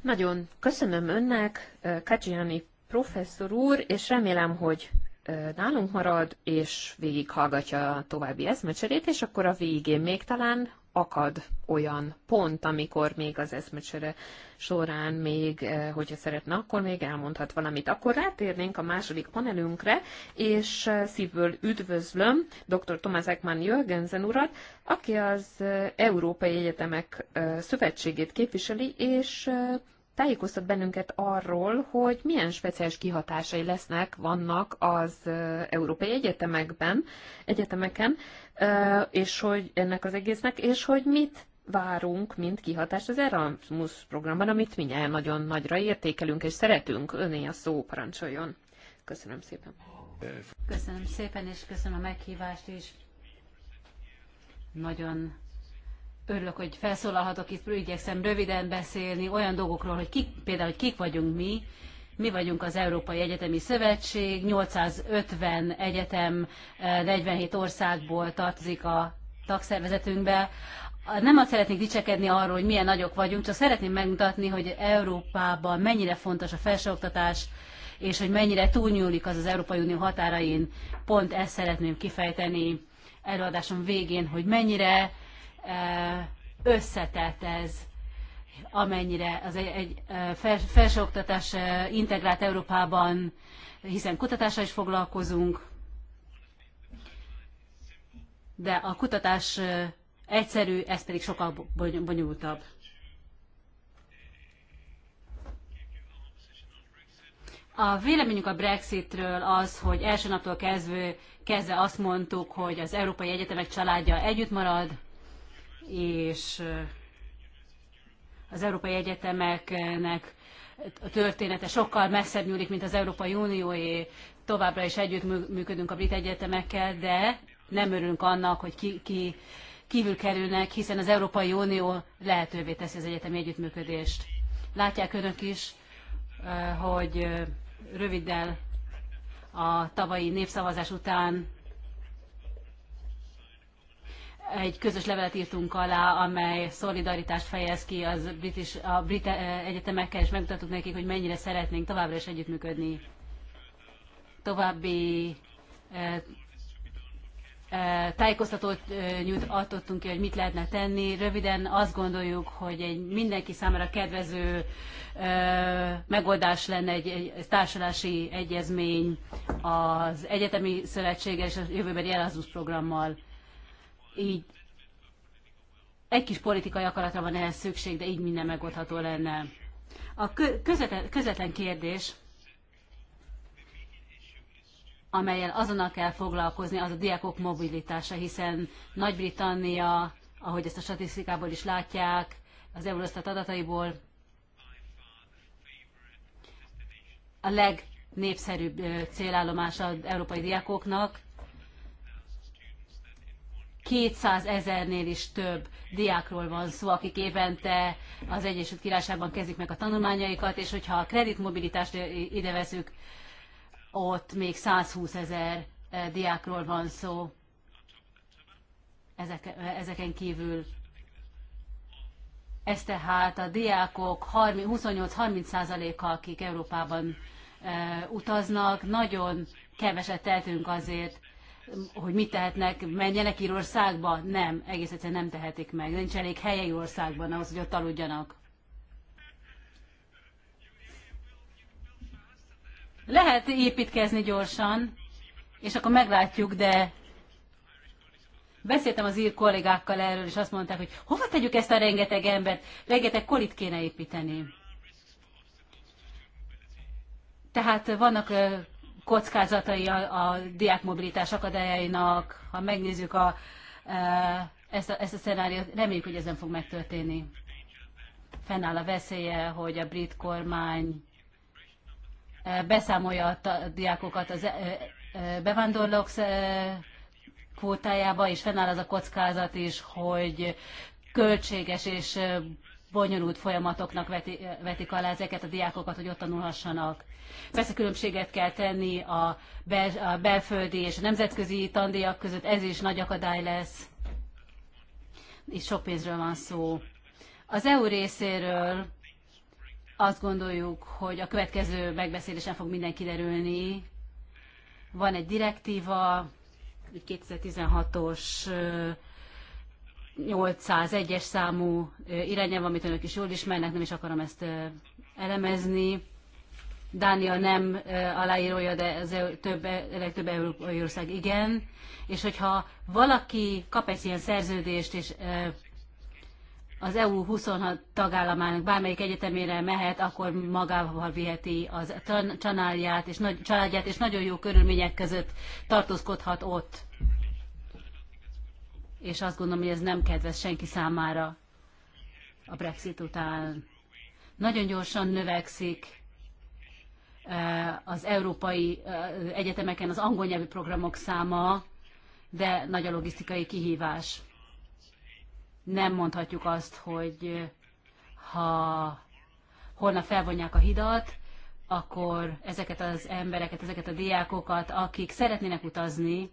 S2: Nagyon köszönöm önnek, Kajiani professzor úr, és remélem, hogy nálunk marad, és végighallgatja a további eszmecserét, és akkor a végén még talán akad olyan pont, amikor még az eszmecsere során még, hogyha szeretne, akkor még elmondhat valamit. Akkor rátérnénk a második panelünkre, és szívből üdvözlöm dr. Tomás Ekman Jörgensen urat, aki az Európai Egyetemek Szövetségét képviseli, és tájékoztat bennünket arról, hogy milyen speciális kihatásai lesznek, vannak az európai egyetemekben, egyetemeken, és hogy ennek az egésznek, és hogy mit várunk, mint kihatást az Erasmus programban, amit mindjárt nagyon nagyra értékelünk és szeretünk. Öné a szó, parancsoljon. Köszönöm szépen.
S1: Köszönöm szépen, és köszönöm a meghívást is. Nagyon Örülök, hogy felszólalhatok itt, igyekszem röviden beszélni olyan dolgokról, hogy kik, például, hogy kik vagyunk mi, mi vagyunk az Európai Egyetemi Szövetség, 850 egyetem 47 eh, országból tartozik a tagszervezetünkbe. Nem azt szeretnék dicsekedni arról, hogy milyen nagyok vagyunk, csak szeretném megmutatni, hogy Európában mennyire fontos a felsőoktatás, és hogy mennyire túlnyúlik az az Európai Unió határain. Pont ezt szeretném kifejteni előadásom végén, hogy mennyire összetett ez, amennyire az egy, egy felsőoktatás integrált Európában, hiszen kutatással is foglalkozunk, de a kutatás egyszerű, ez pedig sokkal bonyolultabb. A véleményünk a Brexitről az, hogy első naptól kezdve, azt mondtuk, hogy az Európai Egyetemek családja együtt marad, és az európai egyetemeknek a története sokkal messzebb nyúlik, mint az Európai Unióé. Továbbra is együttműködünk a brit egyetemekkel, de nem örülünk annak, hogy ki, ki kívül kerülnek, hiszen az Európai Unió lehetővé teszi az egyetemi együttműködést. Látják önök is, hogy röviddel a tavalyi népszavazás után egy közös levelet írtunk alá, amely szolidaritást fejez ki az British, a brit eh, egyetemekkel, és megmutattuk nekik, hogy mennyire szeretnénk továbbra is együttműködni. További e, e, tájékoztatót nyújt, adottunk ki, hogy mit lehetne tenni. Röviden azt gondoljuk, hogy egy mindenki számára kedvező megoldás lenne egy, egy társulási egyezmény az egyetemi szövetséggel és a jövőbeli Erasmus programmal így egy kis politikai akaratra van ehhez szükség, de így minden megoldható lenne. A közvetlen, közvetlen kérdés, amelyel azonnal kell foglalkozni, az a diákok mobilitása, hiszen Nagy-Britannia, ahogy ezt a statisztikából is látják, az Eurostat adataiból a legnépszerűbb célállomása az európai diákoknak, 200 ezernél is több diákról van szó, akik évente az Egyesült Királyságban kezdik meg a tanulmányaikat, és hogyha a kreditmobilitást ide veszük, ott még 120 ezer eh, diákról van szó ezek, eh, ezeken kívül. Ez tehát a diákok 28-30%-a, akik Európában eh, utaznak, nagyon keveset tehetünk azért, hogy mit tehetnek, menjenek Írországba? Nem, egész egyszerűen nem tehetik meg. Nincs elég helye Írországban ahhoz, hogy ott aludjanak. Lehet építkezni gyorsan, és akkor meglátjuk, de beszéltem az ír kollégákkal erről, és azt mondták, hogy hova tegyük ezt a rengeteg embert, rengeteg kolit kéne építeni. Tehát vannak kockázatai a, a diákmobilitás akadályainak, ha megnézzük a, e, ezt, a, ezt a szenáriót, reméljük, hogy ez nem fog megtörténni. Fennáll a veszélye, hogy a brit kormány e, beszámolja a diákokat az e, bevándorlók kvótájába, és fennáll az a kockázat is, hogy költséges és bonyolult folyamatoknak veti, vetik alá ezeket a diákokat, hogy ott tanulhassanak. Persze különbséget kell tenni a, bel, a belföldi és a nemzetközi tandíjak között, ez is nagy akadály lesz. Itt sok pénzről van szó. Az EU részéről azt gondoljuk, hogy a következő megbeszélésen fog minden kiderülni. Van egy direktíva, 2016-os 801-es számú irányelv, amit önök is jól ismernek, nem is akarom ezt elemezni. Dánia nem aláírója, de az több, e- legtöbb európai ország igen. És hogyha valaki kap egy ilyen szerződést, és az EU 26 tagállamának bármelyik egyetemére mehet, akkor magával viheti az családját, és, nagy, családját, és nagyon jó körülmények között tartózkodhat ott és azt gondolom, hogy ez nem kedves senki számára a Brexit után. Nagyon gyorsan növekszik eh, az európai eh, egyetemeken az angol nyelvű programok száma, de nagy a logisztikai kihívás. Nem mondhatjuk azt, hogy eh, ha holnap felvonják a hidat, akkor ezeket az embereket, ezeket a diákokat, akik szeretnének utazni,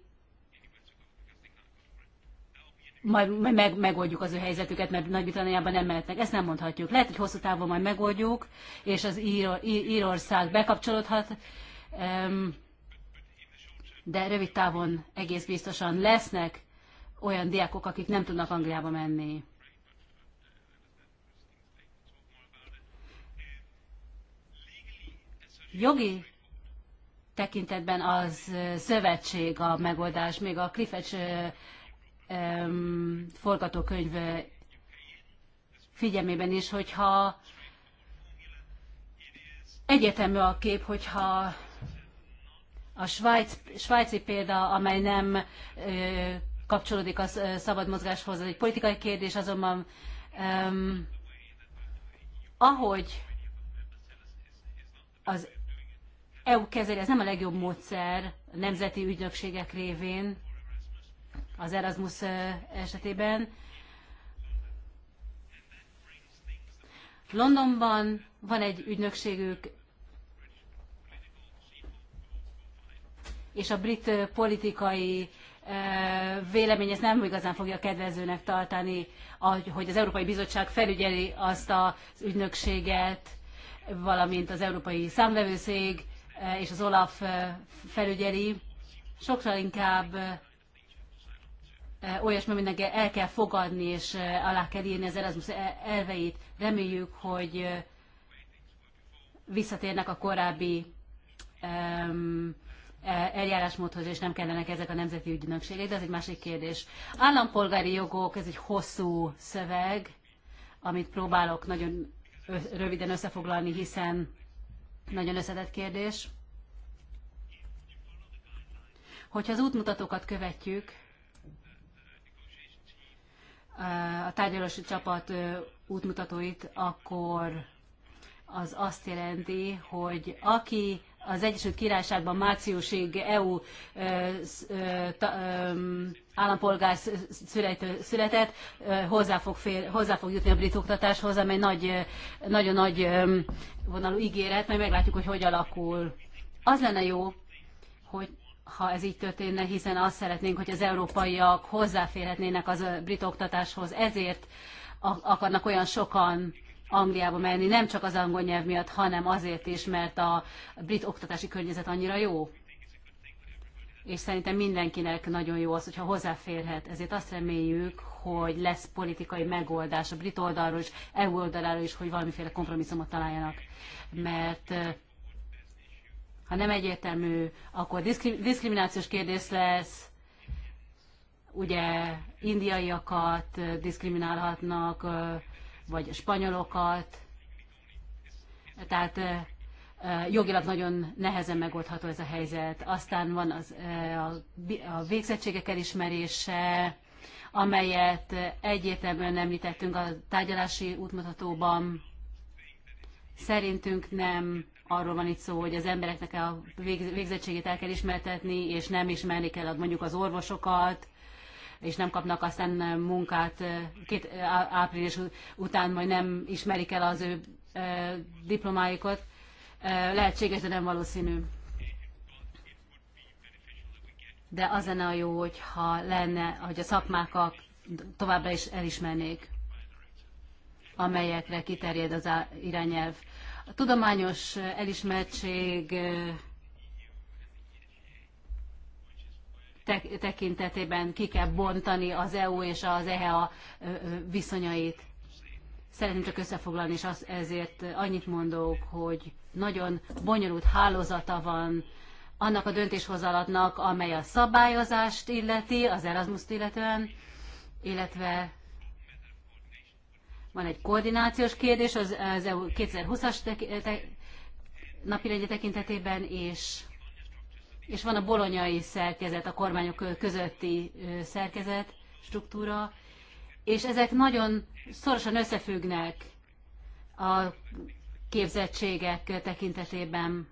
S1: majd meg, megoldjuk az ő helyzetüket, mert Nagy-Britanniában nem mehetnek. Ezt nem mondhatjuk. Lehet, hogy hosszú távon majd megoldjuk, és az Ír, Ír, Írország bekapcsolódhat, de rövid távon egész biztosan lesznek olyan diákok, akik nem tudnak Angliába menni. Jogi tekintetben az szövetség a megoldás, még a Cliffedge um, forgatókönyv figyelmében is, hogyha egyetemű a kép, hogyha a Svájc, svájci példa, amely nem ö, kapcsolódik a szabad mozgáshoz, az egy politikai kérdés, azonban öm, ahogy az EU kezeli, ez nem a legjobb módszer nemzeti ügynökségek révén, az Erasmus esetében. Londonban van egy ügynökségük, és a brit politikai vélemény ezt nem igazán fogja kedvezőnek tartani, hogy az Európai Bizottság felügyeli azt az ügynökséget, valamint az Európai Számvevőszék és az OLAF felügyeli. Sokkal inkább olyasmi, mindenki el kell fogadni és alá kell írni az Erasmus e, elveit. Reméljük, hogy visszatérnek a korábbi um, eljárásmódhoz, és nem kellenek ezek a nemzeti ügynökségek, de ez egy másik kérdés. Állampolgári jogok, ez egy hosszú szöveg, amit próbálok nagyon röviden összefoglalni, hiszen nagyon összetett kérdés. Hogyha az útmutatókat követjük, a tárgyalási csapat útmutatóit, akkor az azt jelenti, hogy aki az Egyesült Királyságban márciusig EU állampolgár született, hozzá fog, fér, hozzá fog jutni a brit oktatáshoz, amely nagy, nagyon nagy vonalú ígéret, majd meglátjuk, hogy hogy alakul. Az lenne jó, hogy ha ez így történne, hiszen azt szeretnénk, hogy az európaiak hozzáférhetnének az brit oktatáshoz, ezért akarnak olyan sokan Angliába menni, nem csak az angol nyelv miatt, hanem azért is, mert a brit oktatási környezet annyira jó. És szerintem mindenkinek nagyon jó az, hogyha hozzáférhet. Ezért azt reméljük, hogy lesz politikai megoldás a brit oldalról és EU oldaláról is, hogy valamiféle kompromisszumot találjanak. Mert ha nem egyértelmű, akkor diszkriminációs kérdés lesz, ugye indiaiakat diszkriminálhatnak, vagy spanyolokat, tehát jogilag nagyon nehezen megoldható ez a helyzet. Aztán van az, a végzettségek elismerése, amelyet egyértelműen említettünk a tárgyalási útmutatóban. Szerintünk nem arról van itt szó, hogy az embereknek a végzettségét el kell ismertetni, és nem kell, ad mondjuk az orvosokat, és nem kapnak aztán munkát két április után, majd nem ismerik el az ő diplomáikat. Lehetséges, de nem valószínű. De az lenne a jó, hogyha lenne, hogy a szakmák továbbra is elismernék, amelyekre kiterjed az irányelv. A tudományos elismertség eh, tekintetében ki kell bontani az EU és az EHA viszonyait. Szeretném csak összefoglalni, és az, ezért annyit mondok, hogy nagyon bonyolult hálózata van annak a döntéshozalatnak, amely a szabályozást illeti, az Erasmus-t illetően, illetve van egy koordinációs kérdés az, az 2020-as te, te, tekintetében, és, és van a bolonyai szerkezet, a kormányok közötti szerkezet, struktúra, és ezek nagyon szorosan összefüggnek a képzettségek tekintetében.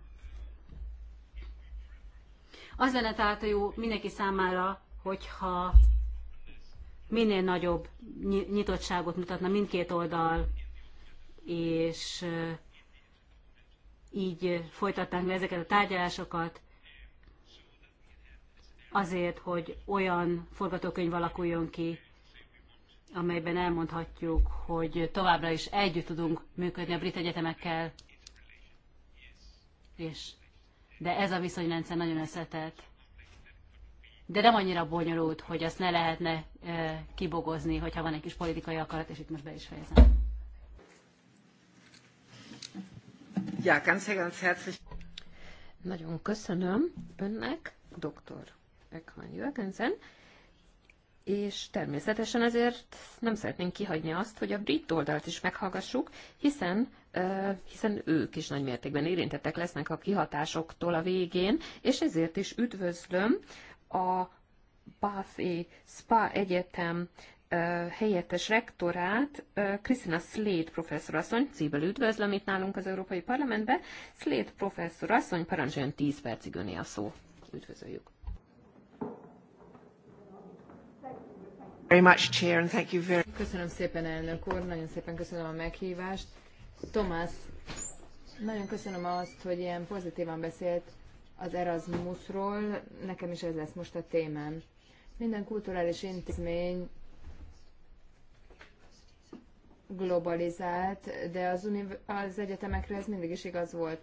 S1: Az lenne tehát jó mindenki számára, hogyha minél nagyobb nyitottságot mutatna mindkét oldal, és így folytatnánk le ezeket a tárgyalásokat, azért, hogy olyan forgatókönyv alakuljon ki, amelyben elmondhatjuk, hogy továbbra is együtt tudunk működni a brit egyetemekkel, és, de ez a viszonyrendszer nagyon összetett de nem annyira bonyolult, hogy azt ne lehetne kibogozni, hogyha van egy kis politikai akarat, és itt most be is fejezem. Ja, ganz, ganz herzlich. Nagyon köszönöm
S2: önnek, doktor Ekman Jürgensen, és természetesen ezért nem szeretnénk kihagyni azt, hogy a brit oldalt is meghallgassuk, hiszen hiszen ők is nagy mértékben érintettek lesznek a kihatásoktól a végén, és ezért is üdvözlöm a Bathy Spa Egyetem helyettes rektorát, Krisztina Slade asszony, szívvel üdvözlöm itt nálunk az Európai Parlamentben. Slade asszony, parancsoljon 10 percig öné a szó. Üdvözöljük.
S3: Very much, Chair, and thank you very... Köszönöm szépen, elnök úr, nagyon szépen köszönöm a meghívást. Tomás, nagyon köszönöm azt, hogy ilyen pozitívan beszélt az Erasmusról, nekem is ez lesz most a témám. Minden kulturális intézmény globalizált, de az, univ- az egyetemekre ez mindig is igaz volt.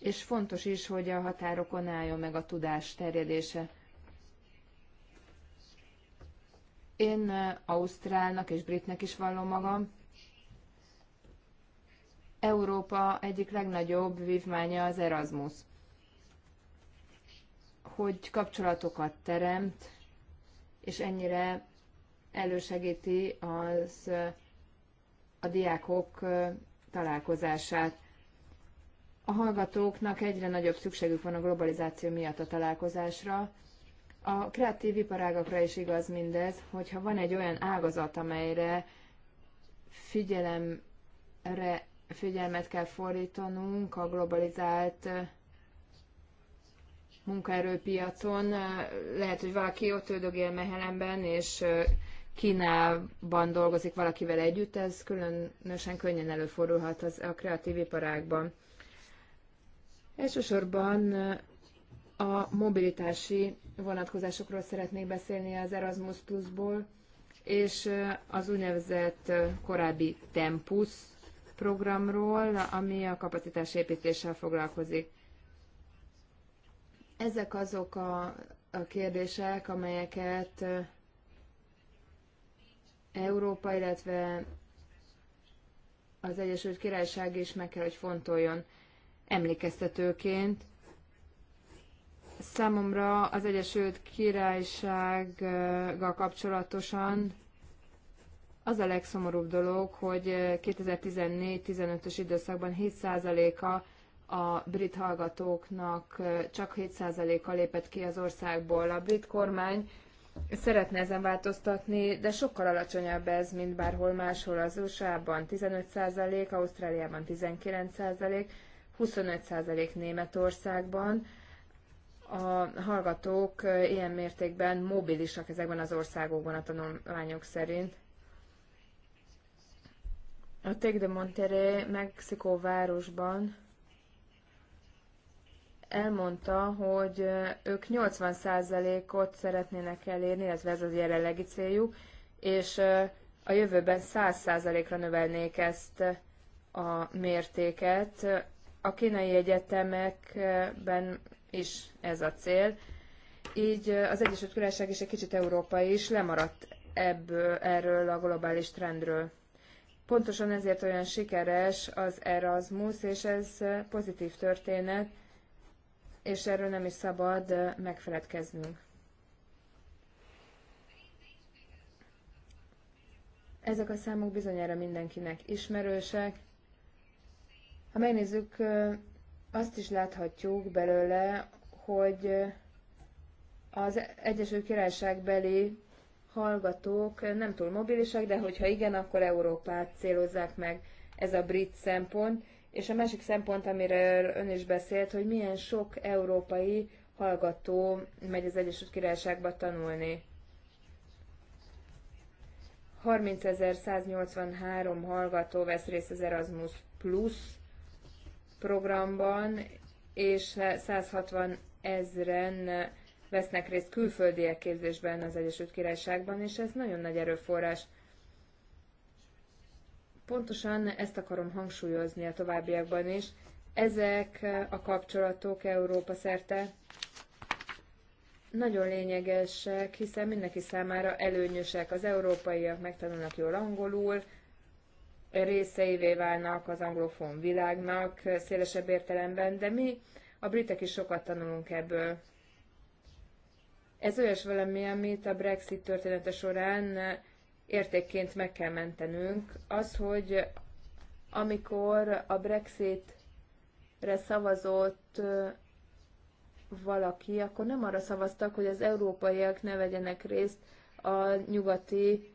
S3: És fontos is, hogy a határokon álljon meg a tudás terjedése. Én Ausztrálnak és Britnek is vallom magam. Európa egyik legnagyobb vívmánya az Erasmus hogy kapcsolatokat teremt, és ennyire elősegíti az a diákok találkozását. A hallgatóknak egyre nagyobb szükségük van a globalizáció miatt a találkozásra. A kreatív iparágakra is igaz mindez, hogyha van egy olyan ágazat, amelyre figyelemre figyelmet kell fordítanunk a globalizált munkaerőpiacon. Lehet, hogy valaki ott ödögél Mehelemben, és Kínában dolgozik valakivel együtt, ez különösen könnyen előfordulhat az, a kreatív iparákban. Elsősorban a mobilitási vonatkozásokról szeretnék beszélni az Erasmus Plus-ból, és az úgynevezett korábbi Tempus programról, ami a építéssel foglalkozik. Ezek azok a, a kérdések, amelyeket Európa, illetve az Egyesült Királyság is meg kell, hogy fontoljon emlékeztetőként. Számomra az Egyesült Királysággal kapcsolatosan az a legszomorúbb dolog, hogy 2014-15-ös időszakban 7%-a a brit hallgatóknak csak 7%-a lépett ki az országból. A brit kormány szeretne ezen változtatni, de sokkal alacsonyabb ez, mint bárhol máshol az USA-ban. 15%, Ausztráliában 19%, 25% Németországban. A hallgatók ilyen mértékben mobilisak ezekben az országokban a tanulmányok szerint. A Teg Monterrey, Mexikó városban elmondta, hogy ők 80%-ot szeretnének elérni, illetve ez az jelenlegi céljuk, és a jövőben 100%-ra növelnék ezt a mértéket. A kínai egyetemekben is ez a cél. Így az Egyesült Királyság és egy kicsit Európa is lemaradt ebből, erről a globális trendről. Pontosan ezért olyan sikeres az Erasmus, és ez pozitív történet, és erről nem is szabad megfeledkeznünk. Ezek a számok bizonyára mindenkinek ismerősek. Ha megnézzük, azt is láthatjuk belőle, hogy az Egyesült Királyságbeli hallgatók nem túl mobilisak, de hogyha igen, akkor Európát célozzák meg. Ez a brit szempont. És a másik szempont, amiről ön is beszélt, hogy milyen sok európai hallgató megy az Egyesült Királyságba tanulni. 30.183 hallgató vesz részt az Erasmus Plus programban, és 160 ezren vesznek részt külföldiek képzésben az Egyesült Királyságban, és ez nagyon nagy erőforrás. Pontosan ezt akarom hangsúlyozni a továbbiakban is. Ezek a kapcsolatok Európa szerte nagyon lényegesek, hiszen mindenki számára előnyösek. Az európaiak megtanulnak jól angolul, részeivé válnak az anglofon világnak szélesebb értelemben, de mi a britek is sokat tanulunk ebből. Ez olyas valami, amit a Brexit története során értékként meg kell mentenünk, az, hogy amikor a Brexitre szavazott valaki, akkor nem arra szavaztak, hogy az európaiak ne vegyenek részt a nyugati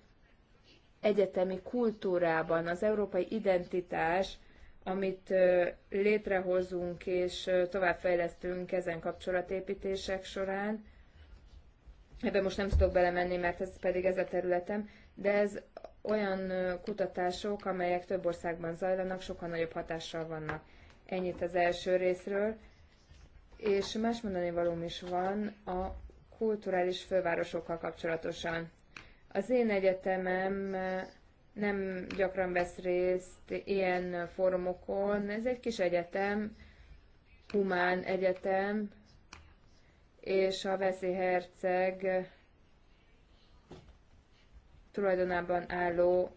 S3: egyetemi kultúrában, az európai identitás, amit létrehozunk és továbbfejlesztünk ezen kapcsolatépítések során. Ebben most nem tudok belemenni, mert ez pedig ez a területem de ez olyan kutatások, amelyek több országban zajlanak, sokkal nagyobb hatással vannak. Ennyit az első részről. És más mondani valóm is van a kulturális fővárosokkal kapcsolatosan. Az én egyetemem nem gyakran vesz részt ilyen fórumokon. Ez egy kis egyetem, humán egyetem, és a Veszi Herceg tulajdonában álló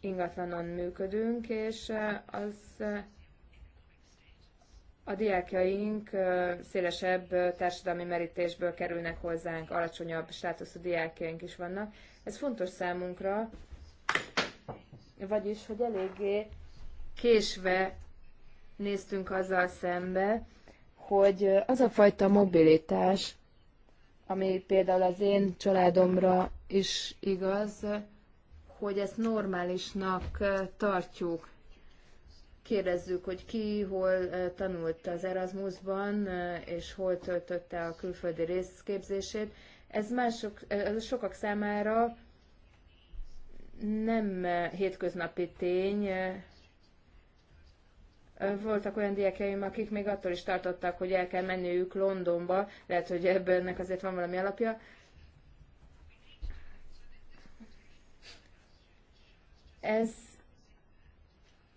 S3: ingatlanon működünk, és az a diákjaink szélesebb társadalmi merítésből kerülnek hozzánk, alacsonyabb státuszú diákjaink is vannak. Ez fontos számunkra, vagyis, hogy eléggé késve néztünk azzal szembe, hogy az a fajta mobilitás, ami például az én családomra is igaz, hogy ezt normálisnak tartjuk. Kérdezzük, hogy ki hol tanult az Erasmusban, és hol töltötte a külföldi részképzését. Ez mások, ez sokak számára nem hétköznapi tény. Voltak olyan diákjaim, akik még attól is tartottak, hogy el kell menniük Londonba, lehet, hogy ebben azért van valami alapja, Ez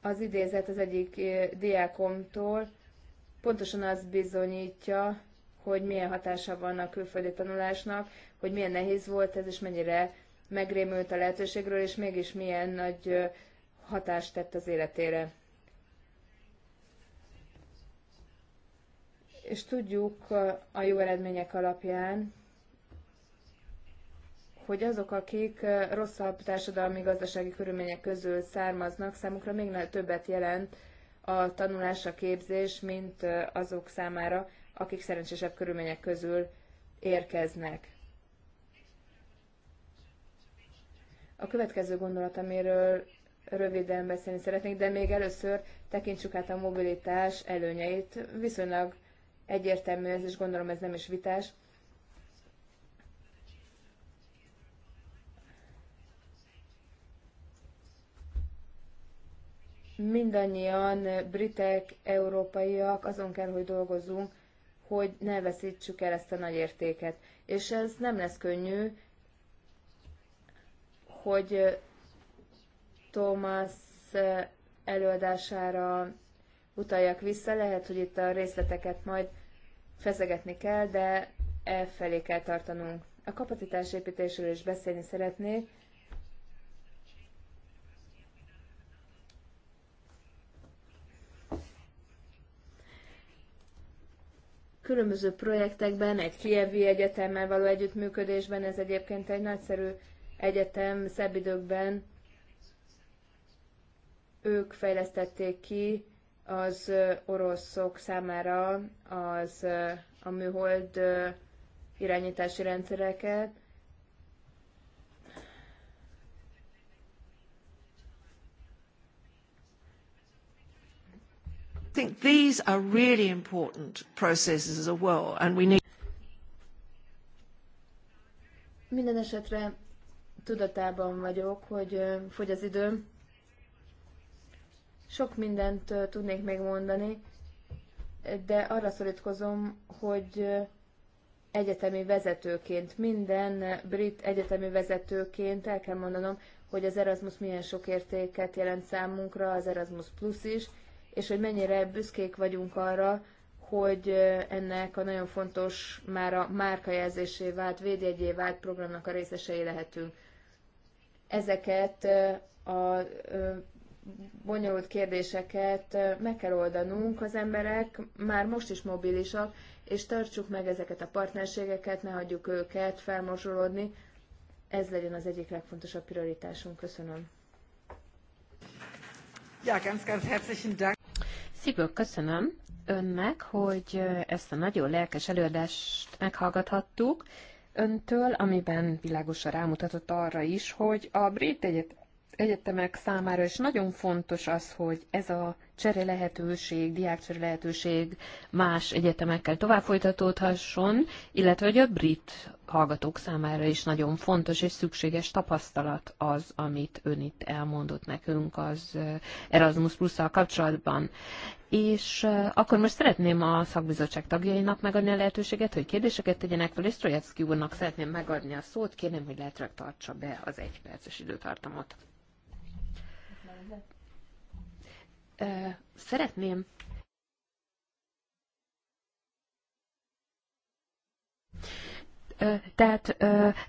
S3: az idézet az egyik eh, diákomtól pontosan azt bizonyítja, hogy milyen hatása van a külföldi tanulásnak, hogy milyen nehéz volt ez, és mennyire megrémült a lehetőségről, és mégis milyen nagy eh, hatást tett az életére. És tudjuk eh, a jó eredmények alapján, hogy azok, akik rosszabb társadalmi-gazdasági körülmények közül származnak, számukra még többet jelent a tanulás, a képzés, mint azok számára, akik szerencsésebb körülmények közül érkeznek. A következő gondolat, amiről röviden beszélni szeretnék, de még először tekintsük át a mobilitás előnyeit. Viszonylag egyértelmű ez, és gondolom ez nem is vitás. mindannyian britek, európaiak azon kell, hogy dolgozzunk, hogy ne veszítsük el ezt a nagy értéket. És ez nem lesz könnyű, hogy Thomas előadására utaljak vissza. Lehet, hogy itt a részleteket majd feszegetni kell, de e felé kell tartanunk. A kapacitásépítésről is beszélni szeretnék. különböző projektekben, egy kievi egyetemmel való együttműködésben, ez egyébként egy nagyszerű egyetem szebb időkben, ők fejlesztették ki az oroszok számára az, a műhold irányítási rendszereket,
S2: think these are really important processes as well, and we need
S3: Minden esetre tudatában vagyok, hogy fogy az időm. Sok mindent tudnék megmondani, de arra szorítkozom, hogy egyetemi vezetőként, minden brit egyetemi vezetőként el kell mondanom, hogy az Erasmus milyen sok értéket jelent számunkra, az Erasmus Plus is, és hogy mennyire büszkék vagyunk arra, hogy ennek a nagyon fontos, már a márkajelzésé vált, védjegyé vált programnak a részesei lehetünk. Ezeket a bonyolult kérdéseket meg kell oldanunk, az emberek már most is mobilisak, és tartsuk meg ezeket a partnerségeket, ne hagyjuk őket felmosolódni. Ez legyen az egyik legfontosabb prioritásunk. Köszönöm. Ja, ganz,
S2: ganz herzlichen Dank. Szívből köszönöm önnek, hogy ezt a nagyon lelkes előadást meghallgathattuk öntől, amiben világosan rámutatott arra is, hogy a brit egyet, egyetemek számára is nagyon fontos az, hogy ez a csere lehetőség, diákcsere lehetőség más egyetemekkel tovább folytatódhasson, illetve hogy a brit hallgatók számára is nagyon fontos és szükséges tapasztalat az, amit ön itt elmondott nekünk az Erasmus plus kapcsolatban. És akkor most szeretném a szakbizottság tagjainak megadni a lehetőséget, hogy kérdéseket tegyenek fel, és Trojecki úrnak szeretném megadni a szót, kérném, hogy lehetőleg tartsa be az egy perces időtartamot. Szeretném tehát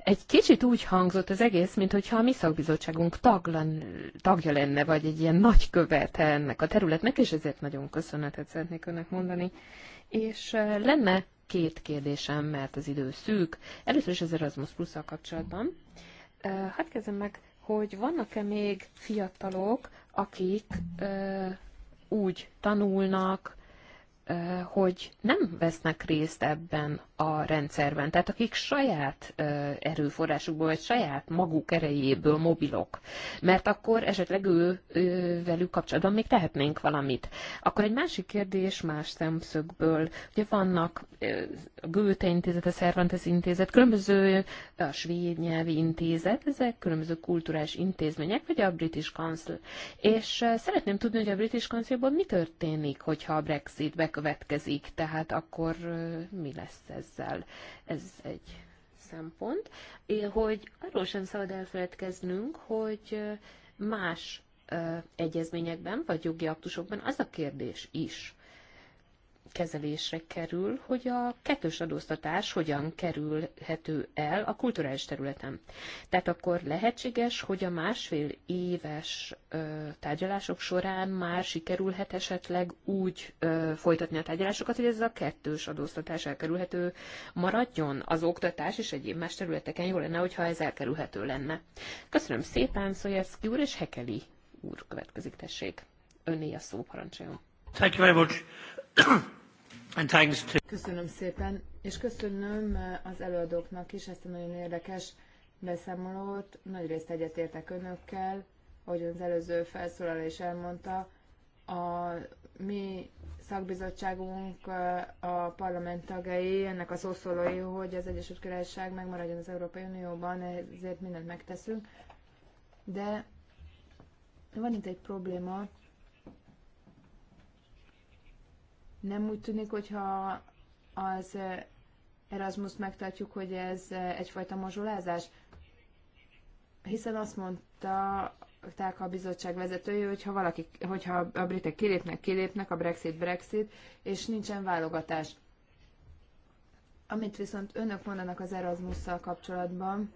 S2: egy kicsit úgy hangzott az egész, mint hogyha a mi szakbizottságunk taglan, tagja lenne, vagy egy ilyen nagy követe ennek a területnek, és ezért nagyon köszönetet szeretnék önnek mondani. És lenne két kérdésem, mert az idő szűk. Először is az Erasmus plus kapcsolatban. Hát kezdem meg, hogy vannak-e még fiatalok, akik úgy tanulnak, hogy nem vesznek részt ebben a rendszerben. Tehát akik saját erőforrásukból, vagy saját maguk erejéből mobilok, mert akkor esetleg ő, ő velük kapcsolatban még tehetnénk valamit. Akkor egy másik kérdés más szemszögből. Ugye vannak a Goethe intézet, a Cervantes intézet, különböző a svéd nyelvi intézet, ezek különböző kulturális intézmények, vagy a British Council. És szeretném tudni, hogy a British Councilból mi történik, hogyha a Brexit be bekövetkezik, tehát akkor mi lesz ezzel? Ez egy szempont. Hogy arról sem szabad elfeledkeznünk, hogy más egyezményekben vagy jogi aktusokban az a kérdés is, kezelésre kerül, hogy a kettős adóztatás hogyan kerülhető el a kulturális területen. Tehát akkor lehetséges, hogy a másfél éves ö, tárgyalások során már sikerülhet esetleg úgy ö, folytatni a tárgyalásokat, hogy ez a kettős adóztatás elkerülhető maradjon az oktatás és egyéb más területeken. Jó lenne, hogyha ez elkerülhető lenne. Köszönöm szépen, Szojevszki úr és Hekeli úr következik, tessék. Önné a szó, parancsoljon. Thank you very much.
S3: Köszönöm szépen, és köszönöm az előadóknak is ezt a nagyon érdekes beszámolót. Nagyrészt egyetértek önökkel, ahogy az előző felszólaló is elmondta. A mi szakbizottságunk, a parlament tagjai, ennek a szószólói, hogy az Egyesült Királyság megmaradjon az Európai Unióban, ezért mindent megteszünk. De van itt egy probléma, Nem úgy tűnik, hogyha az Erasmus megtartjuk, hogy ez egyfajta mazsolázás? Hiszen azt mondta tehát a bizottság vezetője, hogyha, valaki, hogyha a britek kilépnek, kilépnek, a Brexit, Brexit, és nincsen válogatás. Amit viszont önök mondanak az erasmus kapcsolatban,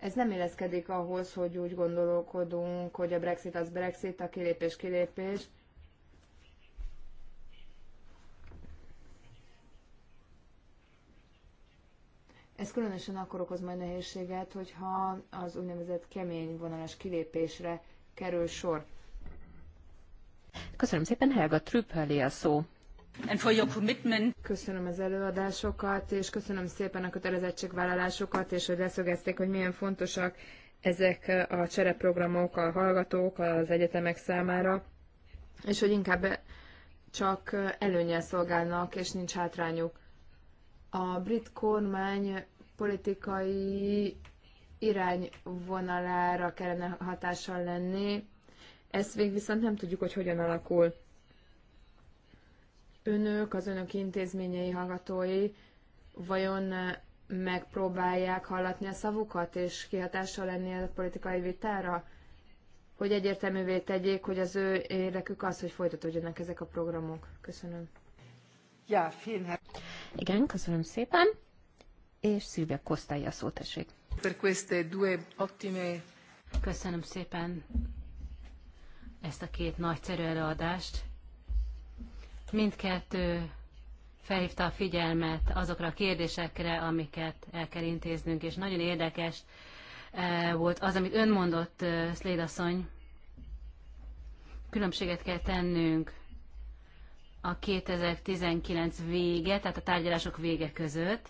S3: Ez nem illeszkedik ahhoz, hogy úgy gondolkodunk, hogy a Brexit az Brexit, a kilépés kilépés. Ez különösen akkor okoz majd nehézséget, hogyha az úgynevezett kemény vonalas kilépésre kerül sor.
S2: Köszönöm szépen, Helga Trüppeli a szó.
S3: Köszönöm az előadásokat, és köszönöm szépen a kötelezettségvállalásokat, és hogy leszögezték, hogy milyen fontosak ezek a csereprogramok a hallgatók az egyetemek számára, és hogy inkább csak előnyel szolgálnak, és nincs hátrányuk. A brit kormány politikai irányvonalára kellene hatással lenni, ezt még viszont nem tudjuk, hogy hogyan alakul önök, az önök intézményei hallgatói vajon megpróbálják hallatni a szavukat, és kihatással lenni a politikai vitára, hogy egyértelművé tegyék, hogy az ő érdekük az, hogy folytatódjanak ezek a programok. Köszönöm.
S2: Ja, Igen, köszönöm szépen. És Szilvia Kosztály a szót
S1: Per queste due ottime... Köszönöm szépen ezt a két nagyszerű előadást. Mindkettő felhívta a figyelmet azokra a kérdésekre, amiket el kell intéznünk, és nagyon érdekes eh, volt az, amit ön mondott, eh, Szlédasszony. Különbséget kell tennünk a 2019 vége, tehát a tárgyalások vége között.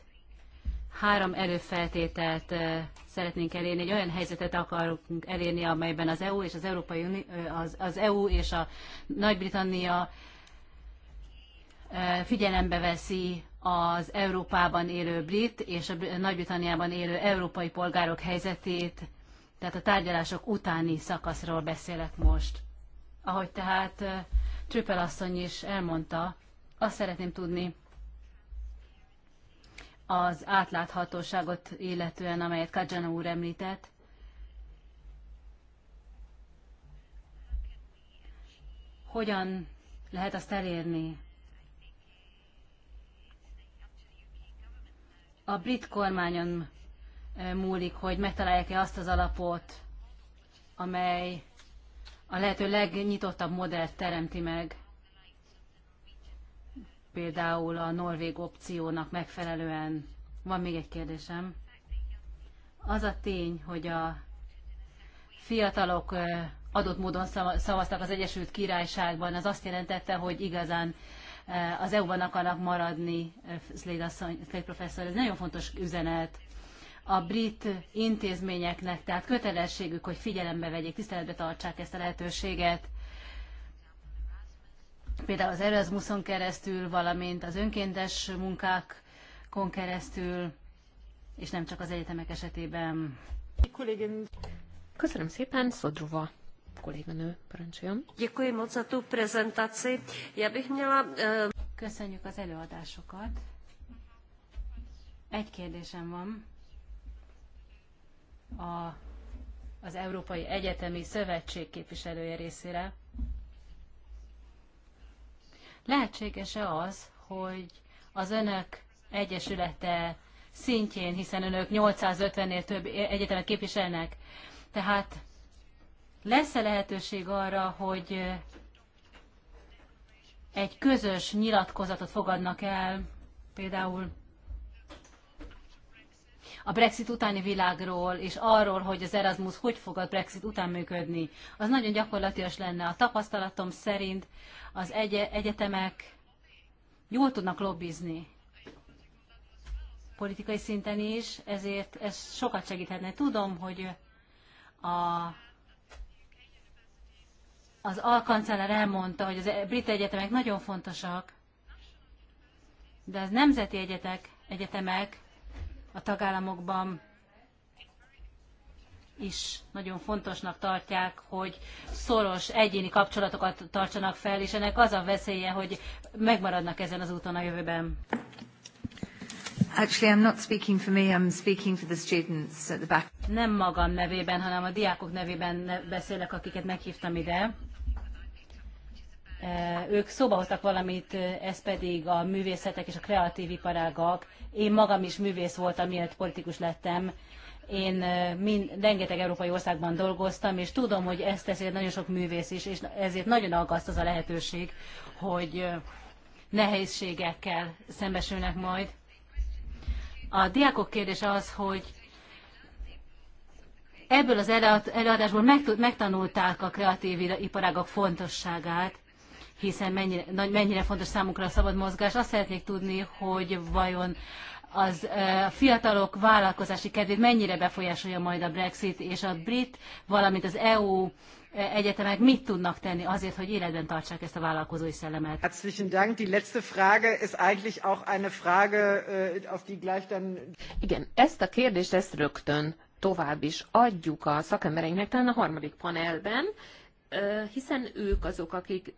S1: Három előfeltételt eh, szeretnénk elérni, egy olyan helyzetet akarunk elérni, amelyben az EU és az Európai Unió, az, az EU és a Nagy-Britannia figyelembe veszi az Európában élő brit és a Nagy-Britanniában élő európai polgárok helyzetét, tehát a tárgyalások utáni szakaszról beszélek most. Ahogy tehát Trüppel asszony is elmondta, azt szeretném tudni az átláthatóságot illetően, amelyet Kajana úr említett, hogyan lehet azt elérni, a brit kormányon e, múlik, hogy megtalálják-e azt az alapot, amely a lehető legnyitottabb modellt teremti meg, például a norvég opciónak megfelelően. Van még egy kérdésem. Az a tény, hogy a fiatalok e, adott módon szavaztak az Egyesült Királyságban, az azt jelentette, hogy igazán Eh, az EU-ban akarnak maradni, eh, Slade professzor, ez nagyon fontos üzenet a brit intézményeknek, tehát kötelességük, hogy figyelembe vegyék, tiszteletbe tartsák ezt a lehetőséget, például az Erasmuson keresztül, valamint az önkéntes munkákon keresztül, és nem csak az egyetemek esetében.
S2: Köszönöm szépen, Szodruva kolléganő,
S1: parancsoljon. Eh, Köszönjük az előadásokat. Egy kérdésem van. A, az Európai Egyetemi Szövetség képviselője részére. Lehetséges-e az, hogy az önök egyesülete szintjén, hiszen önök 850-nél több egyetemet képviselnek, tehát lesz-e lehetőség arra, hogy egy közös nyilatkozatot fogadnak el, például a Brexit utáni világról, és arról, hogy az Erasmus hogy fog a Brexit után működni, az nagyon gyakorlatilag lenne. A tapasztalatom szerint az egy egyetemek jól tudnak lobbizni politikai szinten is, ezért ez sokat segíthetne. Tudom, hogy a az alkancellár elmondta, hogy a e- brit egyetemek nagyon fontosak, de az nemzeti egyetek, egyetemek a tagállamokban is nagyon fontosnak tartják, hogy szoros egyéni kapcsolatokat tartsanak fel, és ennek az a veszélye, hogy megmaradnak ezen az úton a jövőben. Actually, I'm not speaking for me, I'm speaking for the students at the back. Nem magam nevében, hanem a diákok nevében beszélek, akiket meghívtam ide ők szóba hoztak valamit, ez pedig a művészetek és a kreatív iparágak. Én magam is művész voltam, miért politikus lettem. Én mind, rengeteg európai országban dolgoztam, és tudom, hogy ezt teszi nagyon sok művész is, és ezért nagyon aggaszt az a lehetőség, hogy nehézségekkel szembesülnek majd. A diákok kérdése az, hogy ebből az előadásból megtanulták a kreatív iparágak fontosságát, hiszen mennyire, mennyire fontos számunkra a szabad mozgás. Azt szeretnék tudni, hogy vajon az a fiatalok vállalkozási kedvét mennyire befolyásolja majd a Brexit, és a brit, valamint az EU egyetemek mit tudnak tenni azért, hogy életben tartsák ezt a vállalkozói szellemet? Herzlichen Dank. Die letzte Frage ist eigentlich auch eine Frage, äh, auf die gleich dann... Igen,
S2: ezt a kérdést ezt rögtön tovább is adjuk a szakembereinknek, talán a harmadik panelben, hiszen ők azok, akik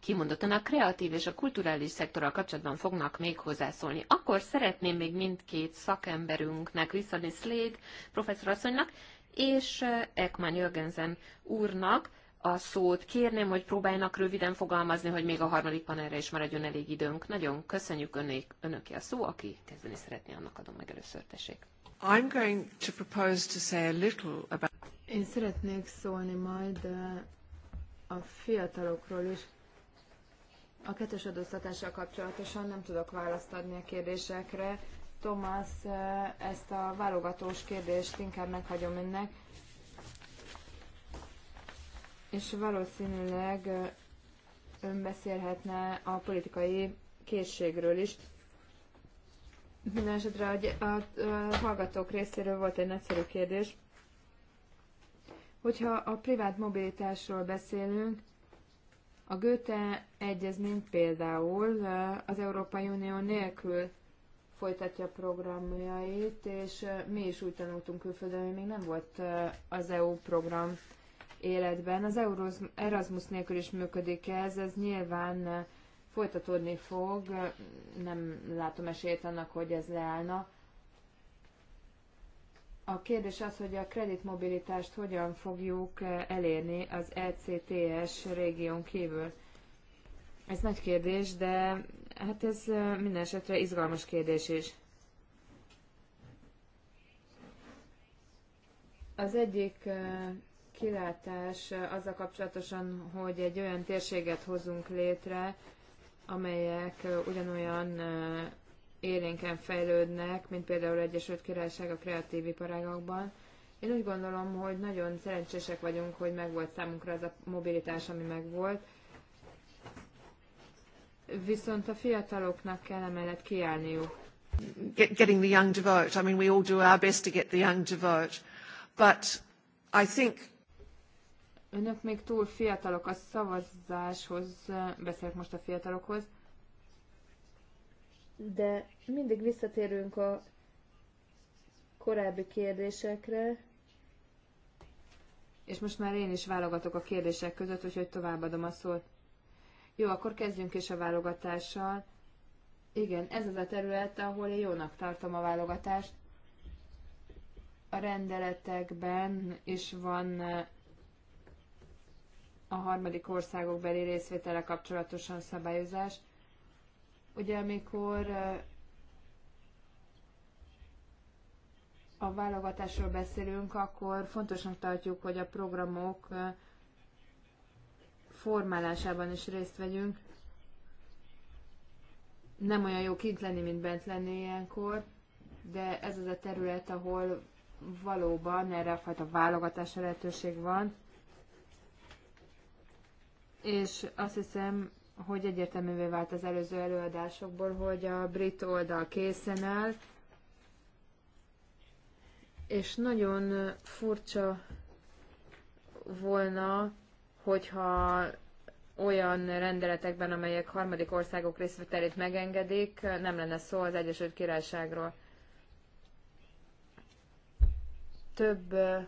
S2: kimondottan a kreatív és a kulturális szektorral kapcsolatban fognak még hozzászólni. Akkor szeretném még mindkét szakemberünknek, Visszani Slade professzorasszonynak és Ekman Jörgensen úrnak a szót kérném, hogy próbáljanak röviden fogalmazni, hogy még a harmadik panelre is maradjon elég időnk. Nagyon köszönjük önök, önöké a szó, aki kezdeni szeretné, annak adom meg először, tessék.
S1: I'm
S3: going to propose to say a little about... Én szeretnék szólni majd a fiatalokról is. A kettős adóztatással kapcsolatosan nem tudok választ adni a kérdésekre. Thomas, eh, ezt a válogatós kérdést inkább meghagyom önnek. És valószínűleg eh, ön beszélhetne a politikai készségről is. Mindenesetre a, a, a hallgatók részéről volt egy nagyszerű kérdés. Hogyha a privát mobilitásról beszélünk, a Göte egyezmény például az Európai Unió nélkül folytatja programjait, és mi is úgy tanultunk külföldön, hogy még nem volt az EU program életben. Az Erasmus nélkül is működik ez, ez nyilván folytatódni fog, nem látom esélyt annak, hogy ez leállna. A kérdés az, hogy a kreditmobilitást hogyan fogjuk eh, elérni az ECTS régión kívül. Ez nagy kérdés, de hát ez eh, minden esetre izgalmas kérdés is. Az egyik eh, kilátás azzal kapcsolatosan, hogy egy olyan térséget hozunk létre, amelyek ugyanolyan élénken fejlődnek, mint például Egyesült Királyság a kreatív iparágakban. Én úgy gondolom, hogy nagyon szerencsések vagyunk, hogy megvolt számunkra az a mobilitás, ami megvolt. Viszont a fiataloknak kell emellett kiállniuk. Get, getting the young to vote. I mean, we all do our best to get the young to vote. But I think Önök még túl fiatalok a szavazáshoz, beszélek most a fiatalokhoz, de mindig visszatérünk a korábbi kérdésekre. És most már én is válogatok a kérdések között, úgyhogy továbbadom a szót. Jó, akkor kezdjünk is a válogatással. Igen, ez az a terület, ahol én jónak tartom a válogatást. A rendeletekben is van eh, a harmadik országok beli részvétele kapcsolatosan szabályozás. Ugye amikor a válogatásról beszélünk, akkor fontosnak tartjuk, hogy a programok formálásában is részt vegyünk. Nem olyan jó kint lenni, mint bent lenni ilyenkor, de ez az a terület, ahol valóban erre a fajta válogatásra lehetőség van. És azt hiszem, hogy egyértelművé vált az előző előadásokból, hogy a brit oldal készen áll, és nagyon furcsa volna, hogyha olyan rendeletekben, amelyek harmadik országok részvételét megengedik, nem lenne szó az Egyesült Királyságról. Több uh,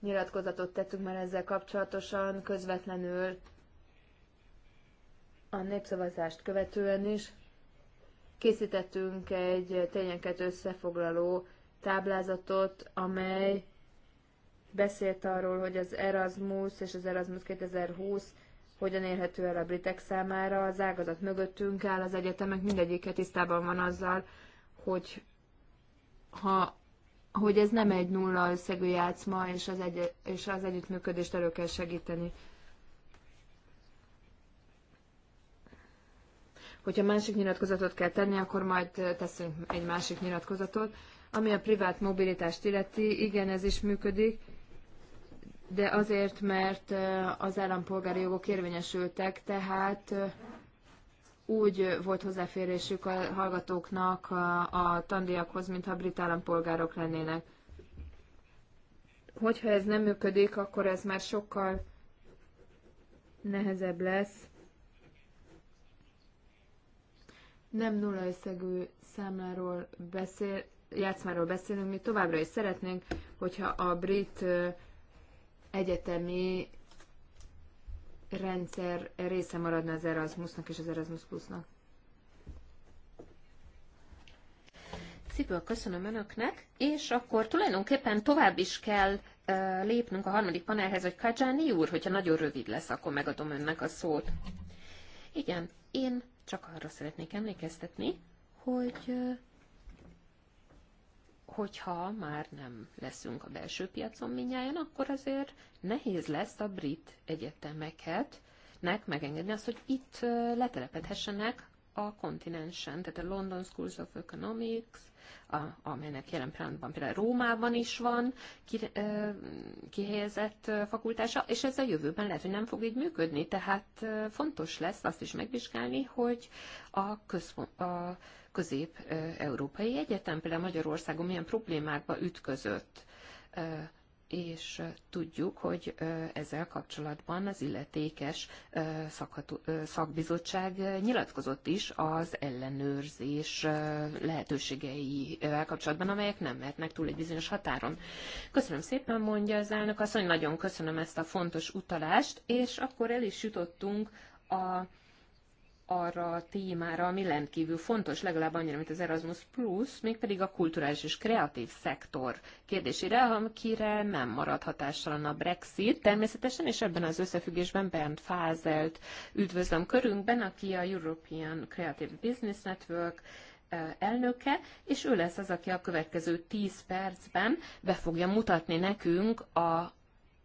S3: nyilatkozatot tettünk már ezzel kapcsolatosan, közvetlenül a népszavazást követően is készítettünk egy tényeket összefoglaló táblázatot, amely beszélt arról, hogy az Erasmus és az Erasmus 2020 hogyan érhető el a britek számára. Az ágazat mögöttünk áll, az egyetemek mindegyike tisztában van azzal, hogy ha hogy ez nem egy nulla összegű játszma, és az, egy, és az együttműködést elő kell segíteni. Hogyha másik nyilatkozatot kell tenni, akkor majd teszünk egy másik nyilatkozatot. Ami a privát mobilitást illeti, igen, ez is működik, de azért, mert az állampolgári jogok érvényesültek, tehát úgy volt hozzáférésük a hallgatóknak a, a tandíjakhoz, mintha brit állampolgárok lennének. Hogyha ez nem működik, akkor ez már sokkal nehezebb lesz nem nulla összegű számláról beszél, játszmáról beszélünk, mi továbbra is szeretnénk, hogyha a brit egyetemi rendszer része maradna az Erasmusnak és az Erasmus Plusnak. Szívből köszönöm Önöknek, és
S2: akkor tulajdonképpen tovább is kell uh, lépnünk a harmadik panelhez, hogy Kajáni úr, hogyha nagyon rövid lesz, akkor megadom Önnek a szót. Igen, én csak arra szeretnék emlékeztetni, hogy hogyha már nem leszünk a belső piacon minnyáján, akkor azért nehéz lesz a brit egyetemeket nek megengedni azt, hogy itt letelepedhessenek a kontinensen, tehát a London Schools of Economics, a, amelynek jelen pillanatban például Rómában is van ki, ö, kihelyezett fakultása, és ez a jövőben lehet, hogy nem fog így működni, tehát fontos lesz azt is megvizsgálni, hogy a, központ, a közép-európai egyetem például Magyarországon milyen problémákba ütközött és tudjuk, hogy ezzel kapcsolatban az illetékes szakbizottság nyilatkozott is az ellenőrzés lehetőségeivel kapcsolatban, amelyek nem mehetnek túl egy bizonyos határon. Köszönöm szépen, mondja az elnök asszony, nagyon köszönöm ezt a fontos utalást, és akkor el is jutottunk a arra a témára, ami rendkívül fontos, legalább annyira, mint az Erasmus Plus, mégpedig a kulturális és kreatív szektor kérdésére, amikire nem marad hatással a Brexit. Természetesen, és ebben az összefüggésben Bernd Fázelt üdvözlöm körünkben, aki a European Creative Business Network elnöke, és ő lesz az, aki a következő 10 percben be fogja mutatni nekünk a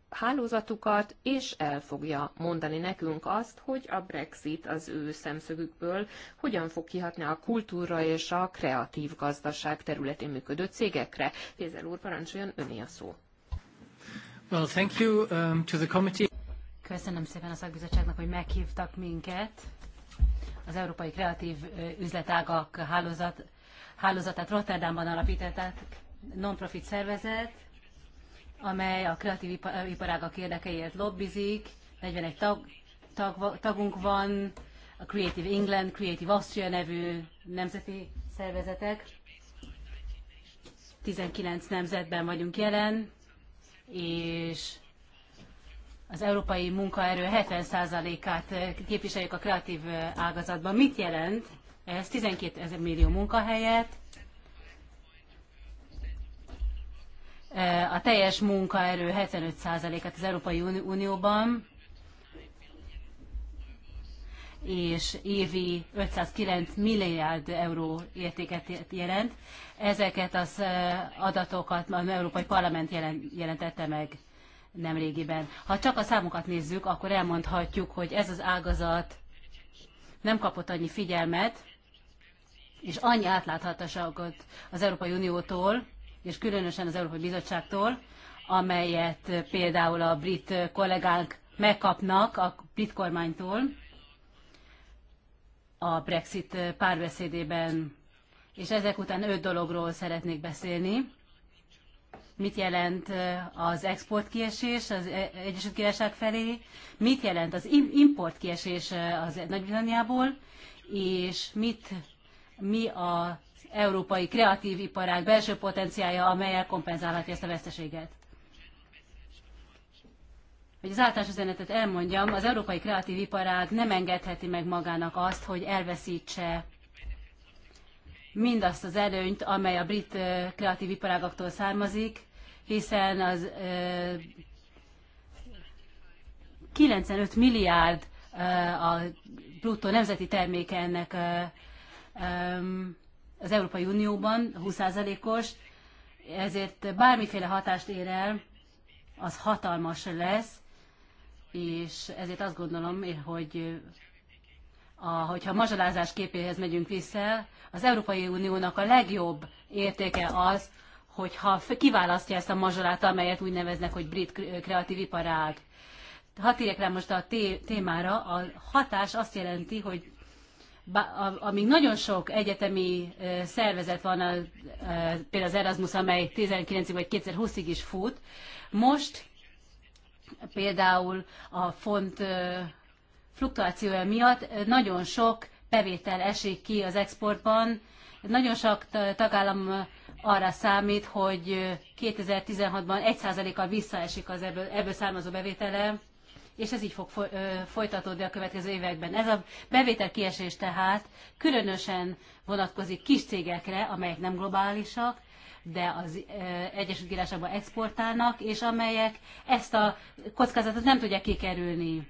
S2: hálózatukat, és el fogja mondani nekünk azt, hogy a Brexit az ő szemszögükből hogyan fog kihatni a kultúra és a kreatív gazdaság területén működő cégekre. Pézer
S1: úr, parancsoljon öné a szó. Well, thank you, um, to the committee. Köszönöm szépen a szakbizottságnak, hogy meghívtak minket. Az Európai Kreatív Üzletágak hálózat, hálózatát Rotterdamban alapították, non-profit szervezet, amely a kreatív iparágak érdekeiért lobbizik. 41 tag, tag, tagunk van, a Creative England, Creative Austria nevű nemzeti szervezetek. 19 nemzetben vagyunk jelen, és az európai munkaerő 70%-át képviseljük a kreatív ágazatban. Mit jelent ez 12 ezer millió munkahelyet, Eh, a teljes munkaerő 75%-át az Európai Unióban, és évi 509 milliárd euró értéket jelent. Ezeket az eh, adatokat az Európai Parlament jelentette meg nemrégiben. Ha csak a számokat nézzük, akkor elmondhatjuk, hogy ez az ágazat nem kapott annyi figyelmet, és annyi átláthatóságot az Európai Uniótól, és különösen az Európai Bizottságtól, amelyet például a brit kollégánk megkapnak a brit kormánytól a Brexit párbeszédében. És ezek után öt dologról szeretnék beszélni. Mit jelent az export kiesés az e- Egyesült Királyság felé? Mit jelent az import kiesés az Nagy-Britanniából? És mit, mi a európai kreatív iparág belső potenciája, amelyel kompenzálhatja ezt a veszteséget. Hogy az általános üzenetet elmondjam, az európai kreatív iparág nem engedheti meg magának azt, hogy elveszítse mindazt az előnyt, amely a brit kreatív iparágaktól származik, hiszen az 95 milliárd a bruttó nemzeti terméke ennek az Európai Unióban 20%-os, ezért bármiféle hatást ér el, az hatalmas lesz, és ezért azt gondolom, hogy a, hogyha a mazsalázás képéhez megyünk vissza, az Európai Uniónak a legjobb értéke az, hogyha kiválasztja ezt a mazsolát, amelyet úgy neveznek, hogy brit kreatív iparág. Hadd térjek rá most a témára. A hatás azt jelenti, hogy amíg nagyon sok egyetemi szervezet van, például az Erasmus, amely 19 vagy 2020-ig is fut, most például a font fluktuációja miatt nagyon sok bevétel esik ki az exportban. Nagyon sok tagállam arra számít, hogy 2016-ban 1%-kal visszaesik az ebből, ebből származó bevétele, és ez így fog folytatódni a következő években. Ez a kiesés tehát különösen vonatkozik kis cégekre, amelyek nem globálisak, de az Egyesült Királyságban exportálnak, és amelyek ezt a kockázatot nem tudják kikerülni.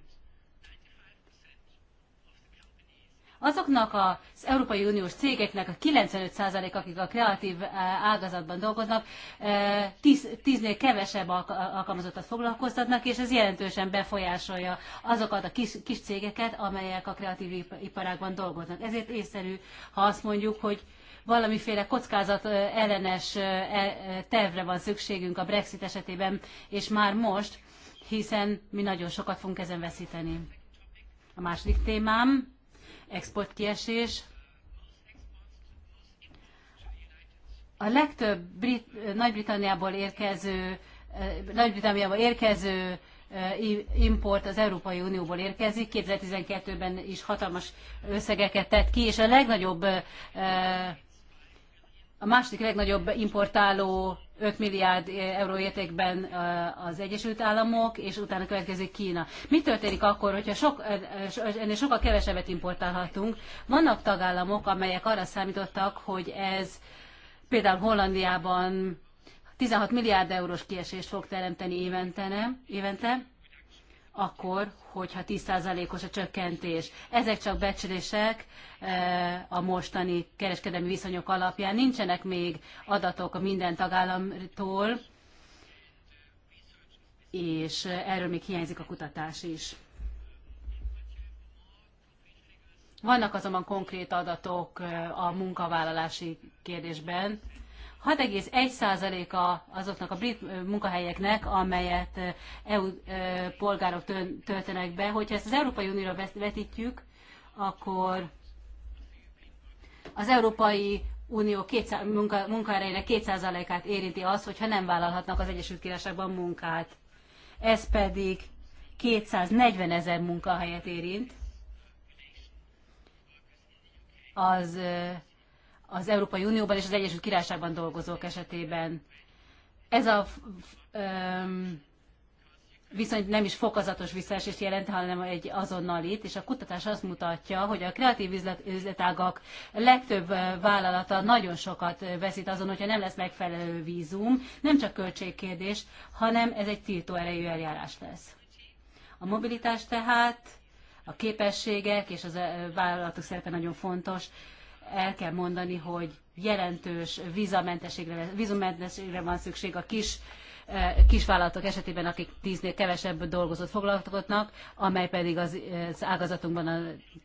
S1: Azoknak az Európai Uniós cégeknek a 95% akik a kreatív eh, ágazatban dolgoznak, eh, tíz nél kevesebb alkalmazottat foglalkoztatnak, és ez jelentősen befolyásolja azokat a kis, kis cégeket, amelyek a kreatív iparágban dolgoznak. Ezért észszerű, ha azt mondjuk, hogy valamiféle kockázat eh, ellenes e, tervre van szükségünk a Brexit esetében, és már most, hiszen mi nagyon sokat fogunk ezen veszíteni. A második témám, exportkiesés. A legtöbb Brit, Nagy-Britanniából érkező, eh, Nagy-Britanniából érkező eh, import az Európai Unióból érkezik, 2012-ben is hatalmas összegeket tett ki, és a legnagyobb, eh, a második legnagyobb importáló 5 milliárd eh, euró értékben eh, az Egyesült Államok, és utána következik Kína. Mi történik akkor, hogyha sok, eh, ennél sokkal kevesebbet importálhatunk? Vannak tagállamok, amelyek arra számítottak, hogy ez például Hollandiában 16 milliárd eurós kiesést fog teremteni évente, évente akkor, hogyha 10%-os a csökkentés. Ezek csak becslések eh, a mostani kereskedelmi viszonyok alapján. Nincsenek még adatok a minden tagállamtól, és erről még hiányzik a kutatás is. Vannak azonban konkrét adatok eh, a munkavállalási kérdésben, 6,1%-a azoknak a brit munkahelyeknek, amelyet EU polgárok töltenek be. Hogyha ezt az Európai Unióra vetítjük, akkor az Európai Unió munkahelyének 2%-át érinti az, hogyha nem vállalhatnak az Egyesült Királyságban munkát. Ez pedig 240 ezer munkahelyet érint. Az az Európai Unióban és az Egyesült Királyságban dolgozók esetében. Ez a um, viszony nem is fokozatos visszaesést jelent, hanem egy azonnalit, és a kutatás azt mutatja, hogy a kreatív üzlet, üzletágak legtöbb vállalata nagyon sokat veszít azon, hogyha nem lesz megfelelő vízum, nem csak költségkérdés, hanem ez egy tiltó erejű eljárás lesz. A mobilitás tehát, a képességek és az vállalatok szerepe nagyon fontos, el kell mondani, hogy jelentős vízamentességre, vízumentességre van szükség a kis eh, kisvállalatok esetében, akik tíznél kevesebb dolgozott foglalkoznak, amely pedig az, eh, az ágazatunkban a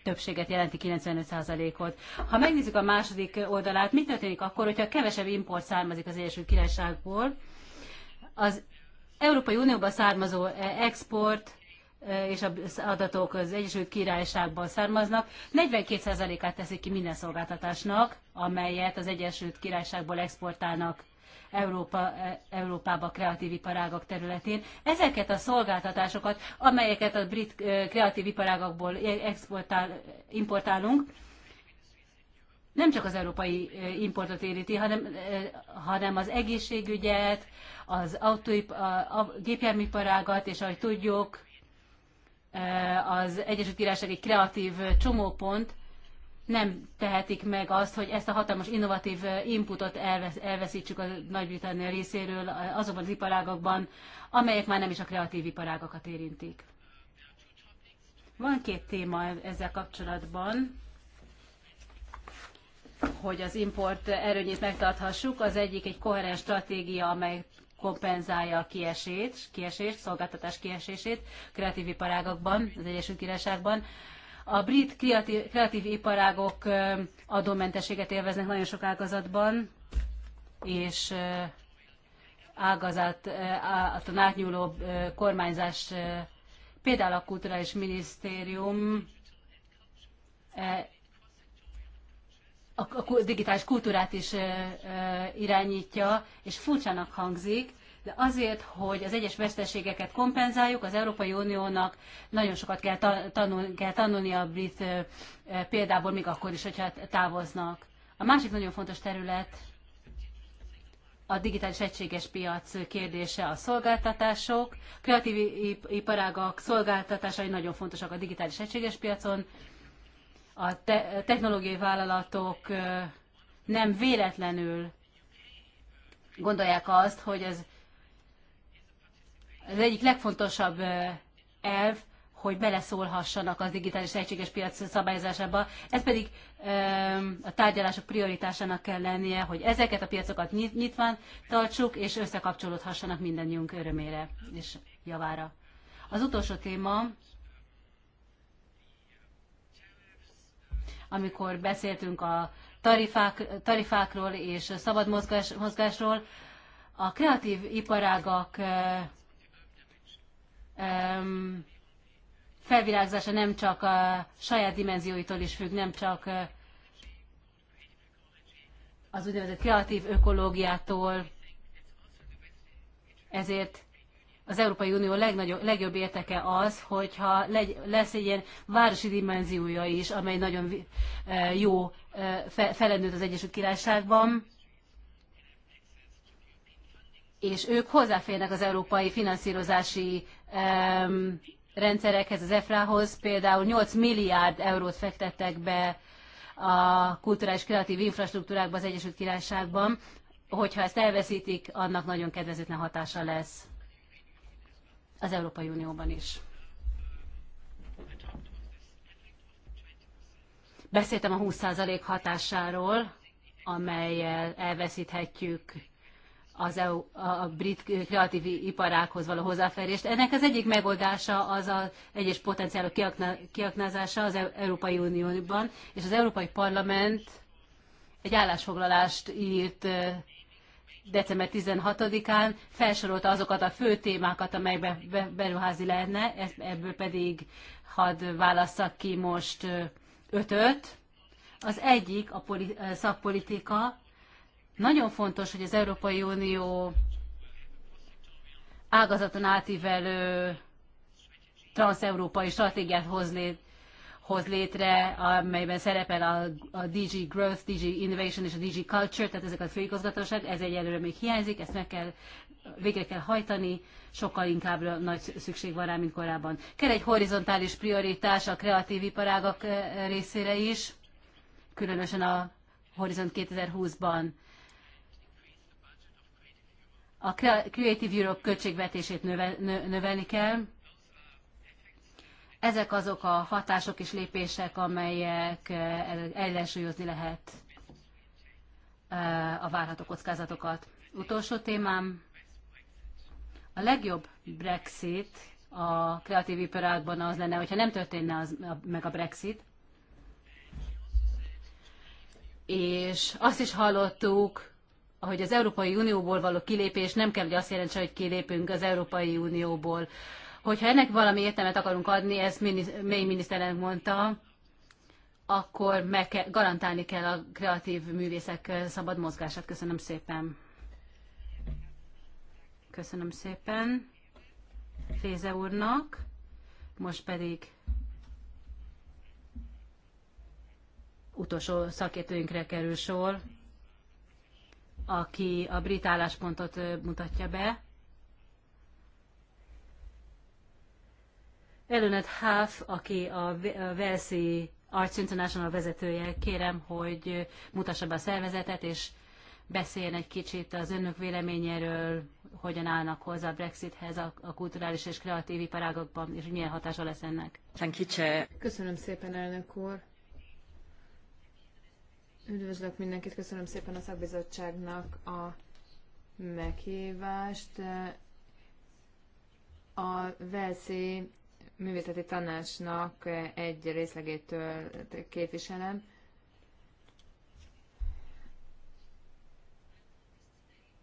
S1: többséget jelenti, 95%-ot. Ha megnézzük a második oldalát, mi történik akkor, hogyha kevesebb import származik az Egyesült Királyságból? Az Európai Unióban származó eh, export Eh, és az adatok az Egyesült Királyságból származnak, 42%-át teszik ki minden szolgáltatásnak, amelyet az Egyesült Királyságból exportálnak Európa, eh, Európába kreatív iparágak területén. Ezeket a szolgáltatásokat, amelyeket a brit eh, kreatív iparágakból exportál, importálunk, nem csak az európai importot éríti, hanem, hanem az egészségügyet, az autóip, a, a gépjárműiparágat, és ahogy tudjuk, Eh, az Egyesült Királyság egy kreatív eh, csomópont, nem tehetik meg azt, hogy ezt a hatalmas innovatív eh, inputot elvesz, elveszítsük a Nagy-Britannia részéről azokban az iparágakban, amelyek már nem is a kreatív iparágakat érintik. Van két téma ezzel kapcsolatban, hogy az import erőnyét megtarthassuk. Az egyik egy koherens stratégia, amely kompenzálja a kiesést, kiesést, szolgáltatás kiesését kreatív iparágokban, az Egyesült Királyságban. A brit kreatív, kreatív iparágok adómentességet élveznek nagyon sok ágazatban, és ágazat a átnyúló kormányzás, például a Kulturális Minisztérium a digitális kultúrát is irányítja, és furcsának hangzik, de azért, hogy az egyes veszteségeket kompenzáljuk, az Európai Uniónak nagyon sokat kell, tanul, kell tanulni a brit példából, még akkor is, hogyha távoznak. A másik nagyon fontos terület a digitális egységes piac kérdése a szolgáltatások. Kreatív iparágak szolgáltatásai nagyon fontosak a digitális egységes piacon a te technológiai vállalatok nem véletlenül gondolják azt, hogy ez az egyik legfontosabb elv, hogy beleszólhassanak az digitális egységes piac szabályozásába. Ez pedig a tárgyalások prioritásának kell lennie, hogy ezeket a piacokat nyitva tartsuk, és összekapcsolódhassanak mindannyiunk örömére és javára. Az utolsó téma amikor beszéltünk a tarifák, tarifákról és szabad mozgás, mozgásról, a kreatív iparágak felvilágzása nem csak a saját dimenzióitól is függ, nem csak az úgynevezett kreatív ökológiától, ezért az Európai Unió legnagyobb, legjobb érteke az, hogyha legy, lesz egy ilyen városi dimenziója is, amely nagyon e, jó e, fe, felendült az Egyesült Királyságban, és ők hozzáférnek az európai finanszírozási e, rendszerekhez, az EFRA-hoz. Például 8 milliárd eurót fektettek be a kulturális kreatív infrastruktúrákba az Egyesült Királyságban. Hogyha ezt elveszítik, annak nagyon kedvezőtlen hatása lesz az Európai Unióban is. Beszéltem a 20% hatásáról, amelyel elveszíthetjük az EU, a brit kreatív iparákhoz való hozzáférést. Ennek az egyik megoldása az az egyes potenciálok kiaknázása az e-, Európai Unióban, és az Európai Parlament egy állásfoglalást írt december 16-án felsorolta azokat a fő témákat, amelyek beruházi lehetne, ebből pedig hadd válasszak ki most ötöt. Az egyik a szakpolitika. Nagyon fontos, hogy az Európai Unió ágazaton átívelő transzeurópai stratégiát hoz lét, hoz létre, amelyben szerepel a, a DG Growth, DG Innovation és a DG Culture, tehát ezek a főigazgatóság, ez egyelőre még hiányzik, ezt meg kell, végre kell hajtani, sokkal inkább nagy szükség van rá, mint korábban. Kell egy horizontális prioritás a kreatív iparágak eh, részére is, különösen a Horizont 2020-ban. A Creative Europe költségvetését növelni kell, ezek azok a hatások és lépések, amelyek eh, ellensúlyozni lehet eh, a várható kockázatokat. Utolsó témám, a legjobb Brexit a kreatív iparágban az lenne, hogyha nem történne az, meg a Brexit. És azt is hallottuk, hogy az Európai Unióból való kilépés nem kell, hogy azt jelentse, hogy kilépünk az Európai Unióból. Hogyha ennek valami értelmet akarunk adni, ezt mély miniszterelnök mondta, akkor meg kell, garantálni kell a kreatív művészek szabad mozgását. Köszönöm szépen. Köszönöm szépen Féze úrnak. Most pedig utolsó szakértőinkre kerül sor, aki a brit álláspontot mutatja be. Elönet Huff, aki a Velszi Arts International vezetője, kérem, hogy mutassa be a szervezetet, és beszéljen egy kicsit az önök véleményéről, hogyan állnak hozzá a Brexithez a, a kulturális és kreatív iparágokban, és milyen hatása lesz ennek.
S3: Köszönöm szépen, elnök úr. Üdvözlök mindenkit, köszönöm szépen a szakbizottságnak a meghívást. A Velszi művészeti tanácsnak egy részlegét képviselem.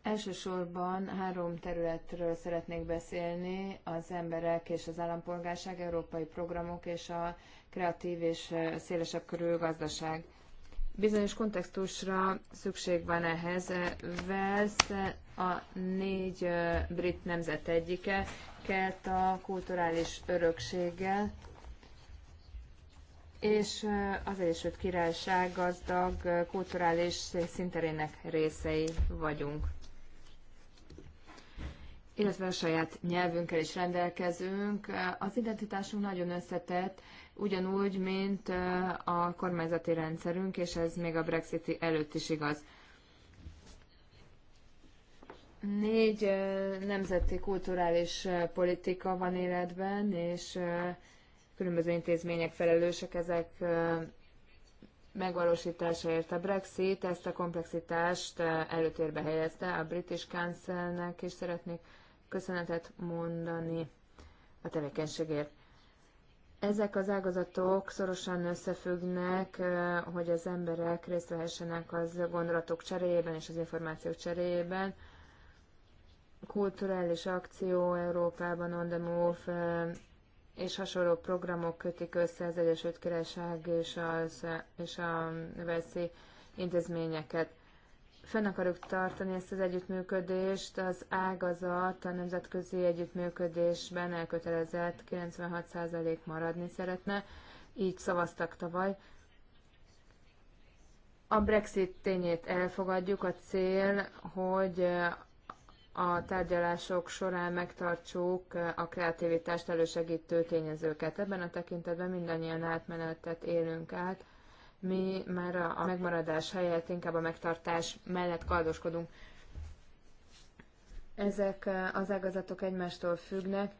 S3: Elsősorban három területről szeretnék beszélni, az emberek és az állampolgárság, európai programok és a kreatív és szélesebb körű gazdaság. Bizonyos kontextusra szükség van ehhez. Velsz a négy brit nemzet egyike, őket a kulturális örökséggel, és az Egyesült Királyság gazdag kulturális szinterének részei vagyunk. Illetve a saját nyelvünkkel is rendelkezünk. Az identitásunk nagyon összetett, ugyanúgy, mint a kormányzati rendszerünk, és ez még a Brexit előtt is igaz. Négy nemzeti kulturális politika van életben, és különböző intézmények felelősek ezek megvalósításáért. A Brexit ezt a komplexitást előtérbe helyezte, a British Council-nek is szeretnék köszönetet mondani a tevékenységért. Ezek az ágazatok szorosan összefüggnek, hogy az emberek részt vehessenek az gondolatok cseréjében és az információk cseréjében kulturális akció Európában, On the Move és hasonló programok kötik össze az Egyesült Királyság és, az, és a veszi intézményeket. Fenn akarjuk tartani ezt az együttműködést, az ágazat a nemzetközi együttműködésben elkötelezett 96% maradni szeretne, így szavaztak tavaly. A Brexit tényét elfogadjuk, a cél, hogy a tárgyalások során megtartsuk a kreativitást elősegítő tényezőket. Ebben a tekintetben mindannyian átmenetet élünk át. Mi már a megmaradás helyett inkább a megtartás mellett kardoskodunk. Ezek az ágazatok egymástól függnek,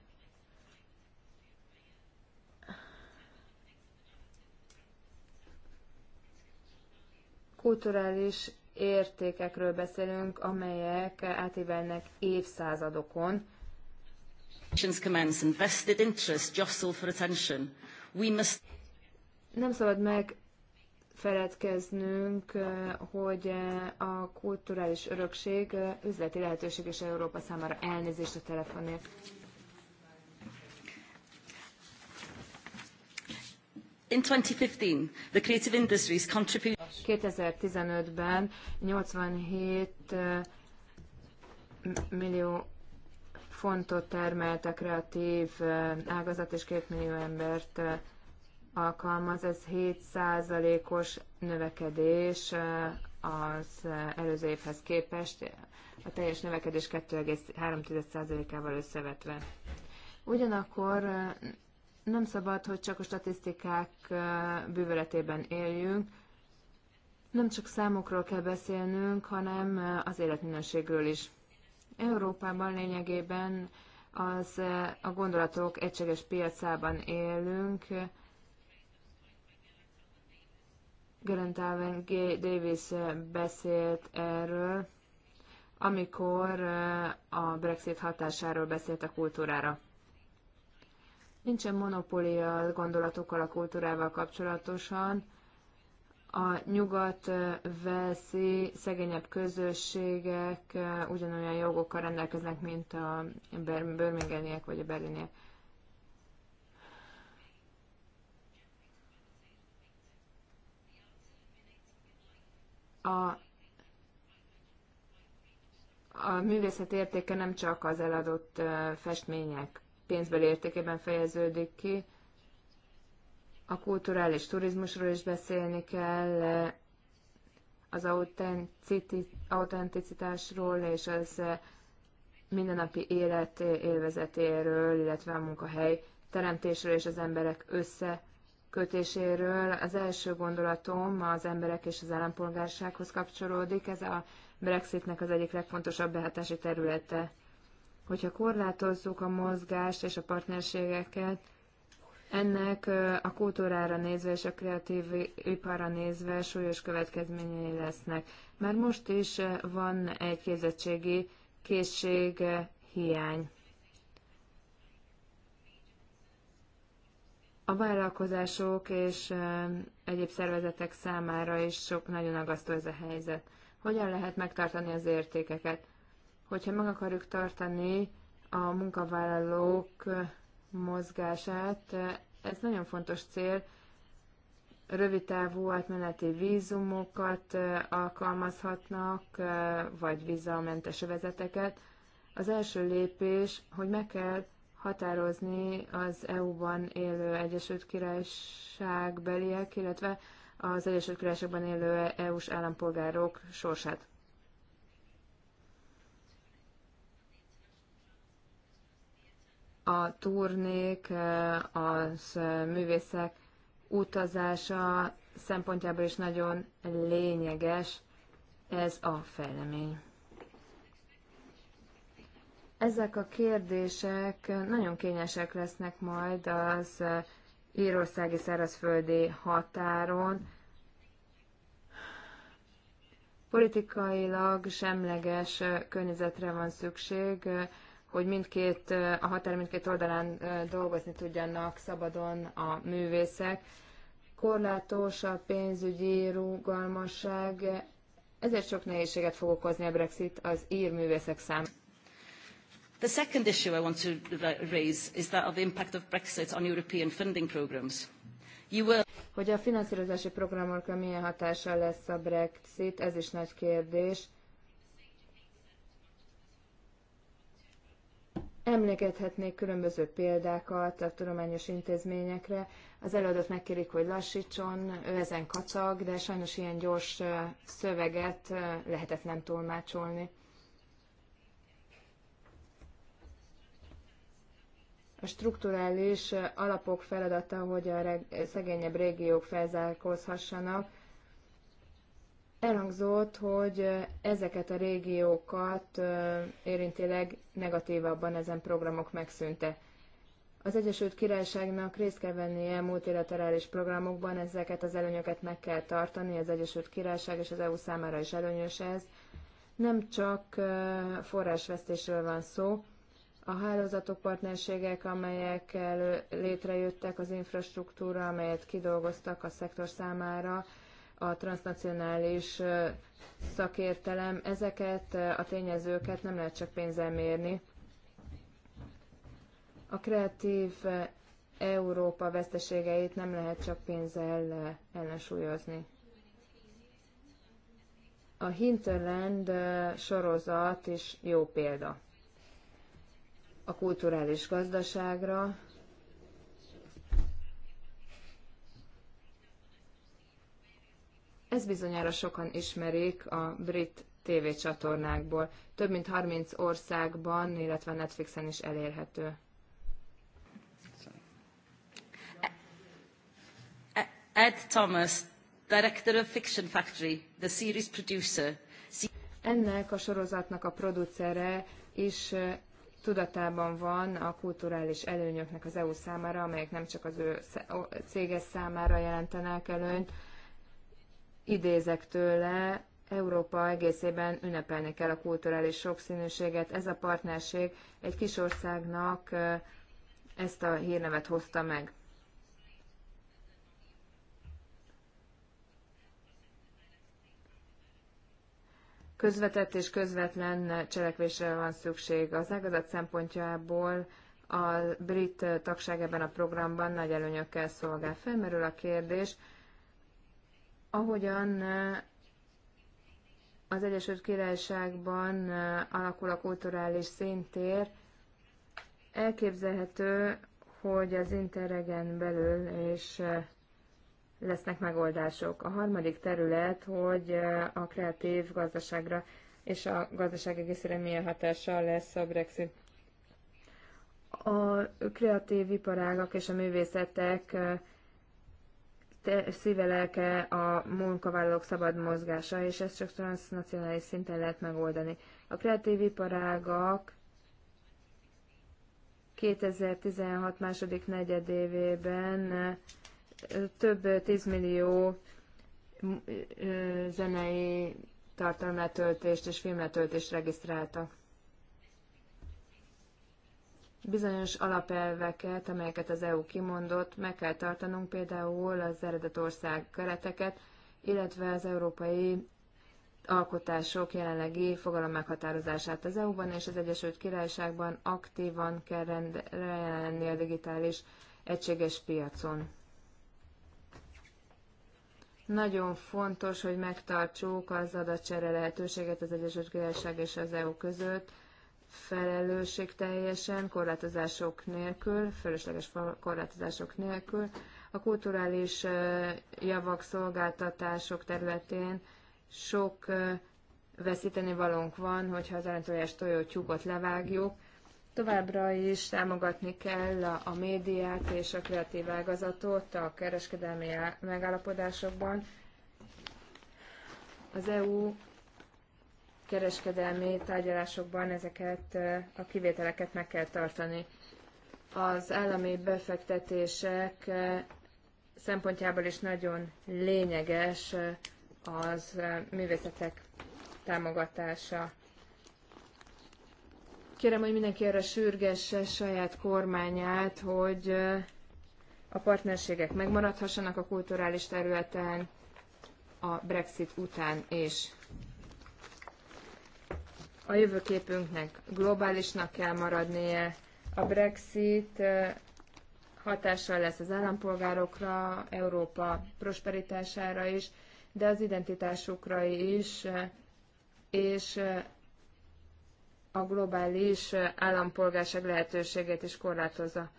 S3: kulturális értékekről beszélünk, amelyek átívelnek évszázadokon. Nem szabad megfeledkeznünk, hogy a kulturális örökség üzleti lehetőség is Európa számára elnézést a telefonért. In 2015, the creative industries contribute... 2015-ben 87 millió fontot termelt a kreatív ágazat, és 2 millió embert alkalmaz. Ez 7%-os növekedés az előző évhez képest, a teljes növekedés 2,3%-ával összevetve. Ugyanakkor nem szabad, hogy csak a statisztikák bűvöletében éljünk. Nem csak számokról kell beszélnünk, hanem az életminőségről is. Európában lényegében az a gondolatok egységes piacában élünk. Gerentálven G. Davis beszélt erről, amikor a Brexit hatásáról beszélt a kultúrára. Nincsen monopólia a gondolatokkal, a kultúrával kapcsolatosan. A nyugat veszi szegényebb közösségek ugyanolyan jogokkal rendelkeznek, mint a birminghamiek vagy a berliniek. a, a művészet értéke nem csak az eladott festmények pénzbeli értékében fejeződik ki. A kulturális turizmusról is beszélni kell, az autenticitásról és az eh, mindennapi élet élvezetéről, illetve a munkahely teremtésről és az emberek összekötéséről. Az első gondolatom az emberek és az állampolgársághoz kapcsolódik. Ez a Brexitnek az egyik legfontosabb behatási területe hogyha korlátozzuk a mozgást és a partnerségeket, ennek a kultúrára nézve és a kreatív iparra nézve súlyos következményei lesznek. Már most is van egy képzettségi készség hiány. A vállalkozások és egyéb szervezetek számára is sok nagyon agasztó ez a helyzet. Hogyan lehet megtartani az értékeket? hogyha meg akarjuk tartani a munkavállalók mozgását, ez nagyon fontos cél, rövidtávú átmeneti vízumokat eh, alkalmazhatnak, eh, vagy vízamentes övezeteket. Az első lépés, hogy meg kell határozni az EU-ban élő Egyesült Királyság beliek, illetve az Egyesült Királyságban élő EU-s állampolgárok sorsát. a turnék, az művészek utazása szempontjából is nagyon lényeges ez a fejlemény. Ezek a kérdések nagyon kényesek lesznek majd az írországi szárazföldi határon. Politikailag semleges környezetre van szükség, hogy mindkét, a határ mindkét oldalán dolgozni tudjanak szabadon a művészek. Korlátos a pénzügyi rugalmasság, ezért sok nehézséget fog okozni a Brexit az ír művészek számára.
S1: The second issue I want to uh, raise is that of the impact of Brexit on European funding programs. You will...
S3: Hogy a finanszírozási programokra milyen hatással lesz a Brexit, ez is nagy kérdés Emlegethetnék különböző példákat a tudományos intézményekre. Az előadót megkérik, hogy lassítson, ő ezen kacag, de sajnos ilyen gyors szöveget lehetetlen tolmácsolni. A strukturális alapok feladata, hogy a szegényebb régiók felzárkózhassanak, Elhangzott, hogy ezeket a régiókat érintileg negatívabban ezen programok megszűnte. Az Egyesült Királyságnak részt kell vennie multilaterális programokban, ezeket az előnyöket meg kell tartani, az Egyesült Királyság és az EU számára is előnyös ez. Nem csak forrásvesztésről van szó, a hálózatok, partnerségek, amelyek létrejöttek, az infrastruktúra, amelyet kidolgoztak a szektor számára, a transnacionális szakértelem, ezeket a tényezőket nem lehet csak pénzzel mérni. A kreatív Európa veszteségeit nem lehet csak pénzzel ellensúlyozni. A Hinterland sorozat is jó példa a kulturális gazdaságra, Ez bizonyára sokan ismerik a brit csatornákból. Több mint 30 országban, illetve Netflixen is elérhető.
S1: E-, e-, Ed Thomas, director of Fiction Factory, the series producer.
S3: Ennek a sorozatnak a producere is tudatában van a kulturális előnyöknek az EU számára, amelyek nem csak az ő céges számára jelentenek előnyt, idézek tőle, Európa egészében ünnepelni kell a kulturális sokszínűséget. Ez a partnerség egy kis országnak ezt a hírnevet hozta meg. Közvetett és közvetlen cselekvésre van szükség. Az ágazat szempontjából a brit tagság ebben a programban nagy előnyökkel szolgál. Felmerül a kérdés, Ahogyan az Egyesült Királyságban alakul a kulturális szintér, elképzelhető, hogy az interregen belül és lesznek megoldások. A harmadik terület, hogy a kreatív gazdaságra és a gazdaság egészére milyen hatással lesz a Brexit. A kreatív iparágak és a művészetek szíve lelke a munkavállalók szabad mozgása, és ezt csak transnacionális szinten lehet megoldani. A kreatív iparágak 2016 második negyedévében több 10 millió zenei tartalmetöltést és filmetöltést regisztráltak bizonyos alapelveket, amelyeket az EU kimondott, meg kell tartanunk például az eredetország kereteket, illetve az európai alkotások jelenlegi fogalom meghatározását az EU-ban és az Egyesült Királyságban aktívan kell rendelni a digitális egységes piacon. Nagyon fontos, hogy megtartsuk az adatcsere lehetőséget az Egyesült Királyság és az EU között, felelősség teljesen, korlátozások nélkül, fölösleges korlátozások nélkül, a kulturális javak, szolgáltatások területén sok veszíteni valónk van, hogyha az aranytojás tojótyúkot levágjuk. Továbbra is támogatni kell a médiát és a kreatív ágazatot a kereskedelmi megállapodásokban. Az EU kereskedelmi tárgyalásokban ezeket a kivételeket meg kell tartani. Az állami befektetések szempontjából is nagyon lényeges az művészetek támogatása. Kérem, hogy mindenki erre sürgesse saját kormányát, hogy a partnerségek megmaradhassanak a kulturális területen a Brexit után is. A jövőképünknek globálisnak kell maradnie. A Brexit hatással lesz az állampolgárokra, Európa prosperitására is, de az identitásukra is, és a globális állampolgárság lehetőségét is korlátozza.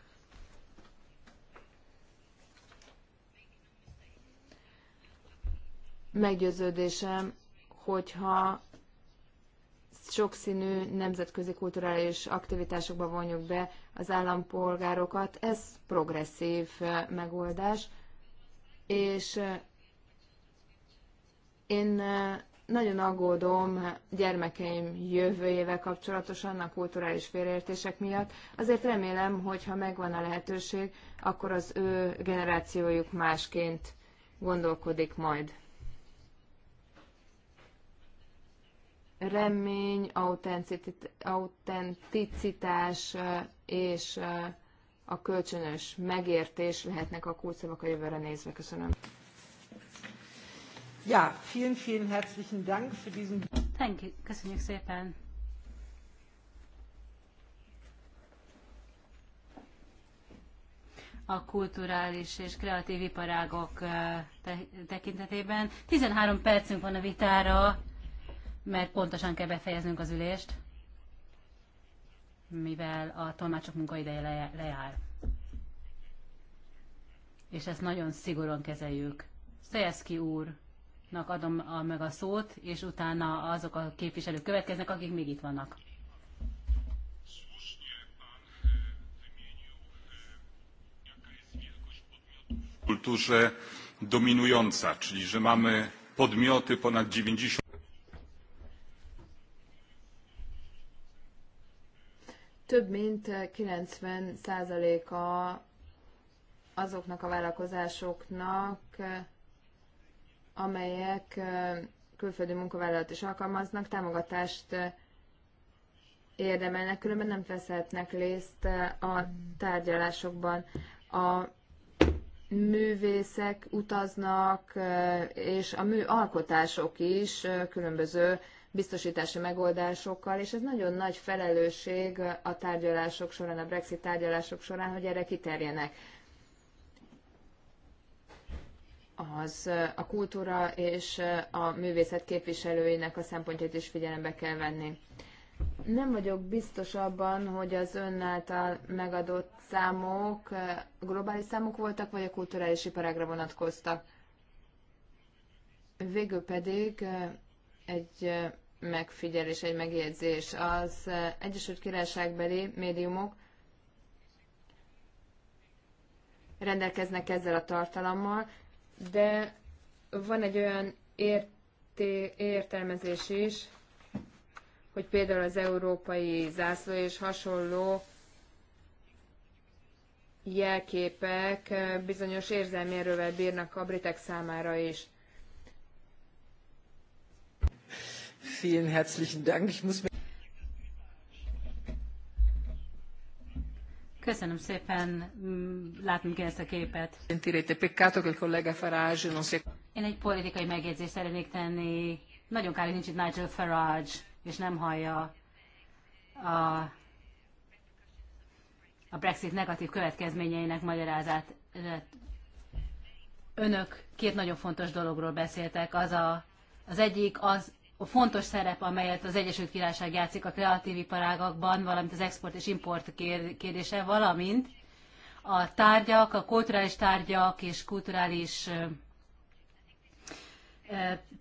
S3: Meggyőződésem, hogyha sokszínű nemzetközi kulturális aktivitásokba vonjuk be az állampolgárokat. Ez progresszív megoldás, és én nagyon aggódom gyermekeim jövőjével kapcsolatosan a kulturális félreértések miatt. Azért remélem, hogy ha megvan a lehetőség, akkor az ő generációjuk másként gondolkodik majd. remény, autenticitás és a kölcsönös megértés lehetnek a
S1: kulcsszavak a jövőre nézve. Köszönöm. Ja, vielen, vielen herzlichen Dank für diesen... Thank you. Köszönjük szépen. a kulturális és kreatív iparágok tekintetében. 13 percünk van a vitára, mert pontosan kell befejeznünk az ülést, mivel a tolmácsok munkaideje le, lejár. És ezt nagyon szigorúan kezeljük. Szejeszki úrnak adom a, meg a szót, és utána azok a képviselők következnek, akik még itt vannak. kulturze dominująca, czyli że mamy podmioty ponad 90
S3: Több mint 90%-a eh, azoknak a vállalkozásoknak, eh, amelyek eh, külföldi munkavállalat is alkalmaznak, támogatást érdemelnek, különben nem veszhetnek részt a tárgyalásokban. A művészek utaznak, és a műalkotások is különböző biztosítási megoldásokkal, és ez nagyon nagy felelősség a tárgyalások során, a Brexit tárgyalások során, hogy erre kiterjenek. Az a kultúra és a művészet képviselőinek a szempontjait is figyelembe kell venni. Nem vagyok biztos abban, hogy az ön által megadott számok globális számok voltak, vagy a kulturális iparágra vonatkoztak. Végül pedig egy megfigyelés, egy megjegyzés. Az eh, Egyesült Királyságbeli médiumok rendelkeznek ezzel a tartalommal, de van egy olyan érté, értelmezés is, hogy például az európai zászló és hasonló jelképek eh, bizonyos érzelmi erővel bírnak a britek számára is.
S2: Vielen herzlichen Dank. Ich muss
S1: Köszönöm szépen, mm, látunk ki ezt a képet. Én egy politikai megjegyzést szeretnék tenni. Nagyon kár, hogy nincs itt Nigel Farage, és nem hallja a, a Brexit negatív következményeinek magyarázát. Önök két nagyon fontos dologról beszéltek. Az, a, az egyik az a fontos szerep, amelyet az Egyesült Királyság játszik a kreatív iparágakban, valamint az export és import kérdése, valamint a tárgyak, a kulturális tárgyak és kulturális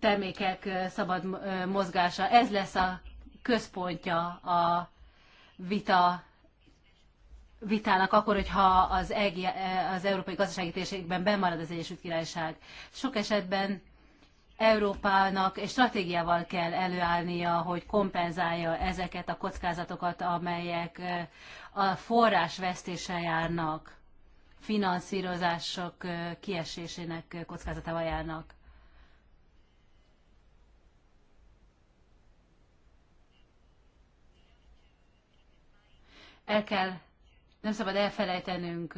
S1: termékek szabad mozgása. Ez lesz a központja a vita vitának akkor, hogyha az, EG, az európai gazdasági térségben bemarad az Egyesült Királyság. Sok esetben Európának és stratégiával kell előállnia, hogy kompenzálja ezeket a kockázatokat, amelyek a forrásvesztéssel járnak, finanszírozások kiesésének kockázatával járnak. El kell nem szabad elfelejtenünk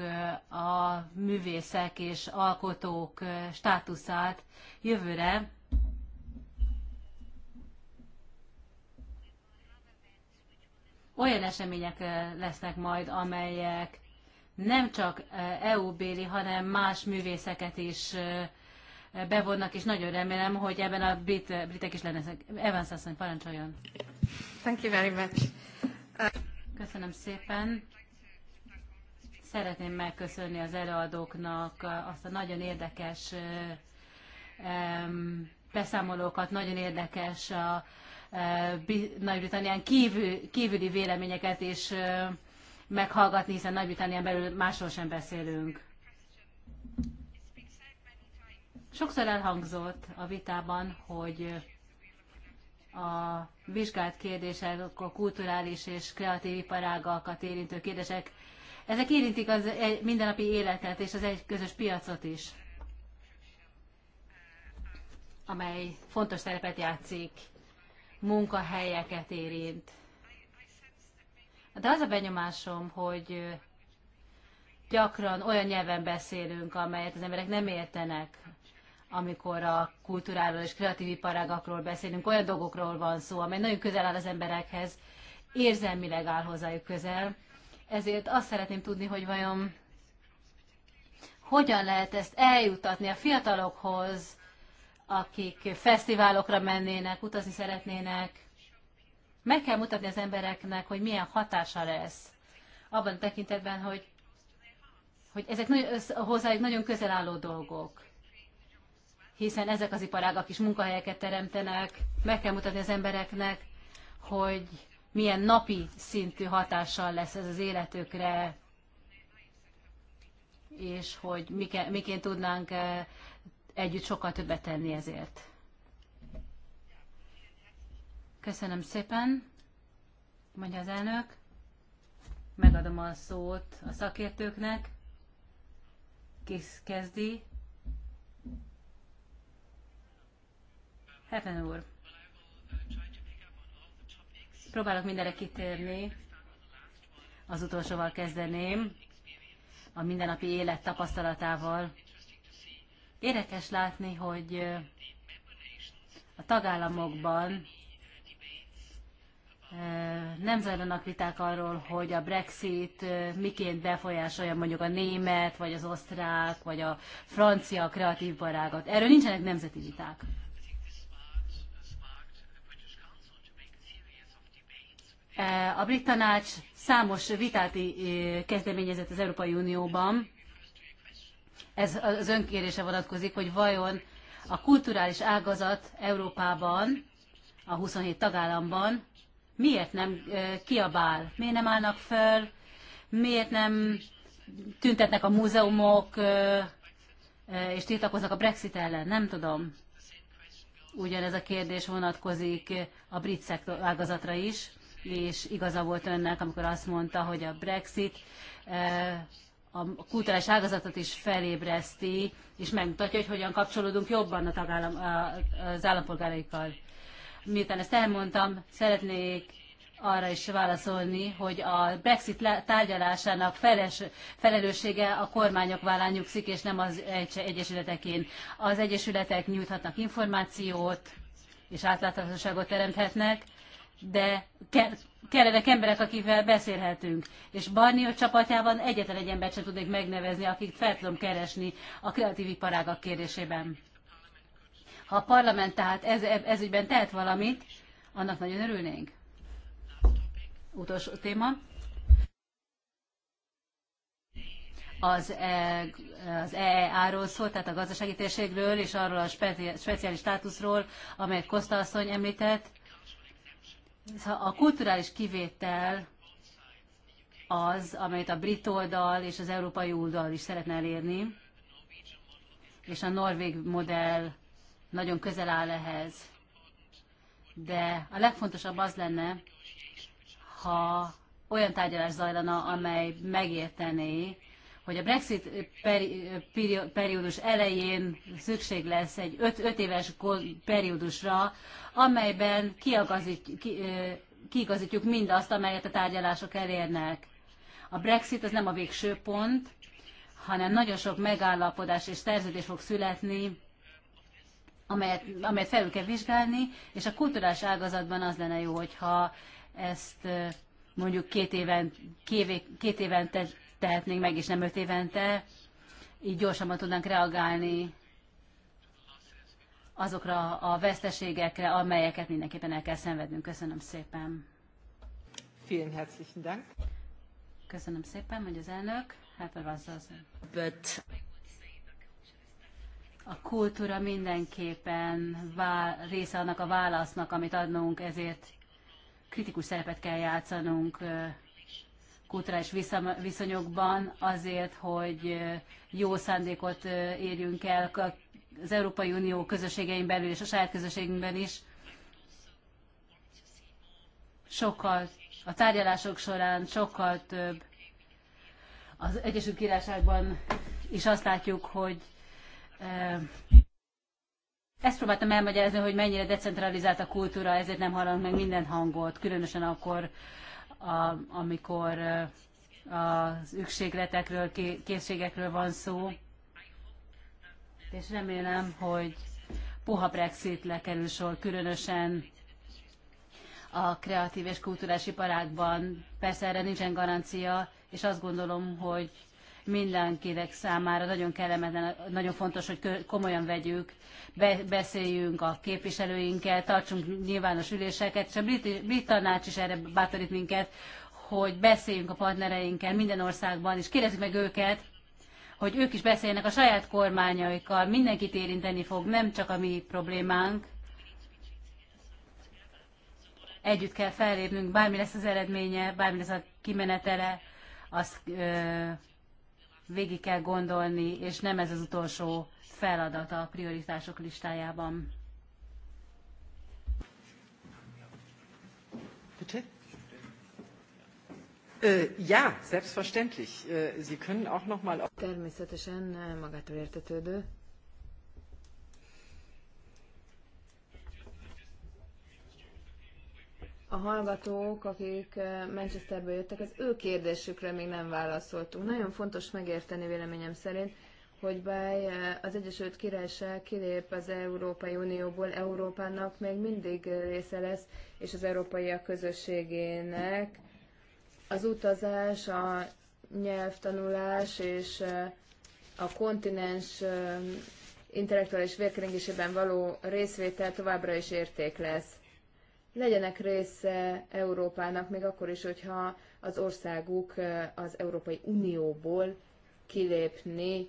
S1: a művészek és alkotók státuszát jövőre. Olyan események lesznek majd, amelyek nem csak EU béli, hanem más művészeket is bevonnak, és nagyon remélem, hogy ebben a brit, britek is lennek. Evans asszony, parancsoljon! Thank you very much. Köszönöm szépen. Szeretném megköszönni az előadóknak azt a nagyon érdekes beszámolókat, nagyon érdekes a e, Nagy-Britannián kívül, kívüli véleményeket is e, meghallgatni, hiszen Nagy-Britannián belül másról sem beszélünk. Sokszor elhangzott a vitában, hogy a vizsgált kérdések, a kulturális és kreatív iparágakat érintő kérdések ezek érintik az e, mindennapi életet és az egy közös piacot is, amely fontos szerepet játszik, munkahelyeket érint. De az a benyomásom, hogy gyakran olyan nyelven beszélünk, amelyet az emberek nem értenek, amikor a kulturáról és kreatív iparágakról beszélünk, olyan dolgokról van szó, amely nagyon közel áll az emberekhez, érzelmileg áll hozzájuk közel, ezért azt szeretném tudni, hogy vajon hogyan lehet ezt eljutatni a fiatalokhoz, akik fesztiválokra mennének, utazni szeretnének. Meg kell mutatni az embereknek, hogy milyen hatása lesz. Abban a tekintetben, hogy, hogy ezek nagyon, hozzájuk nagyon közel álló dolgok. Hiszen ezek az iparágak is munkahelyeket teremtenek. Meg kell mutatni az embereknek, hogy milyen napi szintű hatással lesz ez az életükre, és hogy miként, tudnánk eh, együtt sokkal többet tenni ezért. Köszönöm szépen, mondja az elnök. Megadom a szót a szakértőknek. Kész kezdi. Heaven úr. Próbálok mindenre kitérni. Az utolsóval kezdeném, a mindennapi élet tapasztalatával. Érdekes látni, hogy a tagállamokban nem zajlanak viták arról, hogy a Brexit miként befolyásolja mondjuk a német, vagy az osztrák, vagy a francia kreatív barágot. Erről nincsenek nemzeti viták. E, a brit tanács számos vitát kezdeményezett az Európai Unióban. Ez az önkérése vonatkozik, hogy vajon a kulturális ágazat Európában, a 27 tagállamban miért nem e, kiabál, miért nem állnak föl, miért nem tüntetnek a múzeumok, e, és tiltakoznak a Brexit ellen, nem tudom. Ugyanez a kérdés vonatkozik a brit ágazatra is és igaza volt önnek, amikor azt mondta, hogy a Brexit eh, a kulturális ágazatot is felébreszti, és megmutatja, hogy hogyan kapcsolódunk jobban a tagállam, az állampolgáraikkal. Miután ezt elmondtam, szeretnék arra is válaszolni, hogy a Brexit tárgyalásának feles, felelőssége a kormányok vállán nyugszik, és nem az egyesületekén. Az egyesületek nyújthatnak információt, és átláthatóságot teremthetnek, de ke- kellenek emberek, akivel beszélhetünk. És Barnió csapatjában egyetlen egy embert sem tudnék megnevezni, akit fel tudom keresni a kreatív iparágak kérdésében. Ha a parlament tehát ez, e-, ez ügyben tehet valamit, annak nagyon örülnénk. Utolsó téma. Az, e-, az EEA-ról szól, tehát a gazdasági térségről, és arról a speciális státuszról, amelyet Kosta asszony említett a kulturális kivétel az, amelyet a brit oldal és az európai oldal is szeretne elérni, és a norvég modell nagyon közel áll ehhez. De a legfontosabb az lenne, ha olyan tárgyalás zajlana, amely megértené hogy a Brexit peri, periódus elején szükség lesz egy 5 éves periódusra, amelyben kiigazítjuk ki, ki, mindazt, amelyet a tárgyalások elérnek. A Brexit az nem a végső pont, hanem nagyon sok megállapodás és szerződés fog születni, amelyet, amelyet felül kell vizsgálni, és a kulturális ágazatban az lenne jó, hogyha ezt mondjuk két, éven, két évente tehetnénk meg, és nem öt évente, így gyorsabban tudnánk reagálni azokra a veszteségekre, amelyeket mindenképpen el kell szenvednünk. Köszönöm szépen. Vielen herzlichen Dank. Köszönöm szépen, hogy az elnök. Hát, But... A kultúra mindenképpen vá- része annak a válasznak, amit adnunk, ezért kritikus szerepet kell játszanunk kulturális viszonyokban azért, hogy jó szándékot érjünk el az Európai Unió közösségein belül és a saját közösségünkben is. Sokkal a tárgyalások során sokkal több az Egyesült Királyságban is azt látjuk, hogy ezt próbáltam elmagyarázni, hogy mennyire decentralizált a kultúra, ezért nem hallunk meg minden hangot, különösen akkor, a, amikor az ükségletekről, készségekről van szó, és remélem, hogy puha Brexit lekerül sor, különösen a kreatív és kulturális iparákban. Persze erre nincsen garancia, és azt gondolom, hogy mindenkinek számára nagyon kellemetlen, nagyon fontos, hogy komolyan vegyük, be, beszéljünk a képviselőinkkel, tartsunk nyilvános üléseket, és a brit, brit tanács is erre bátorít minket, hogy beszéljünk a partnereinkkel minden országban, és kérdezzük meg őket, hogy ők is beszéljenek a saját kormányaikkal, mindenkit érinteni fog, nem csak a mi problémánk. Együtt kell fellépnünk, bármi lesz az eredménye, bármi lesz a kimenetele, azt ö, végig kell gondolni, és nem ez az utolsó feladat a prioritások listájában. Bitte? Äh,
S3: ja, selbstverständlich. Äh, Sie können auch noch mal... Természetesen äh, magától értetődő. a hallgatók, akik eh, Manchesterből jöttek, az ő kérdésükre még nem válaszoltunk. Nagyon fontos megérteni véleményem szerint, hogy bár eh, az Egyesült Királyság kilép az Európai Unióból, Európának még mindig eh, része lesz, és az európaiak közösségének az utazás, a nyelvtanulás és a kontinens intellektuális vérkeringésében való részvétel továbbra is érték lesz legyenek része Európának, még akkor is, hogyha az országuk az Európai Unióból kilépni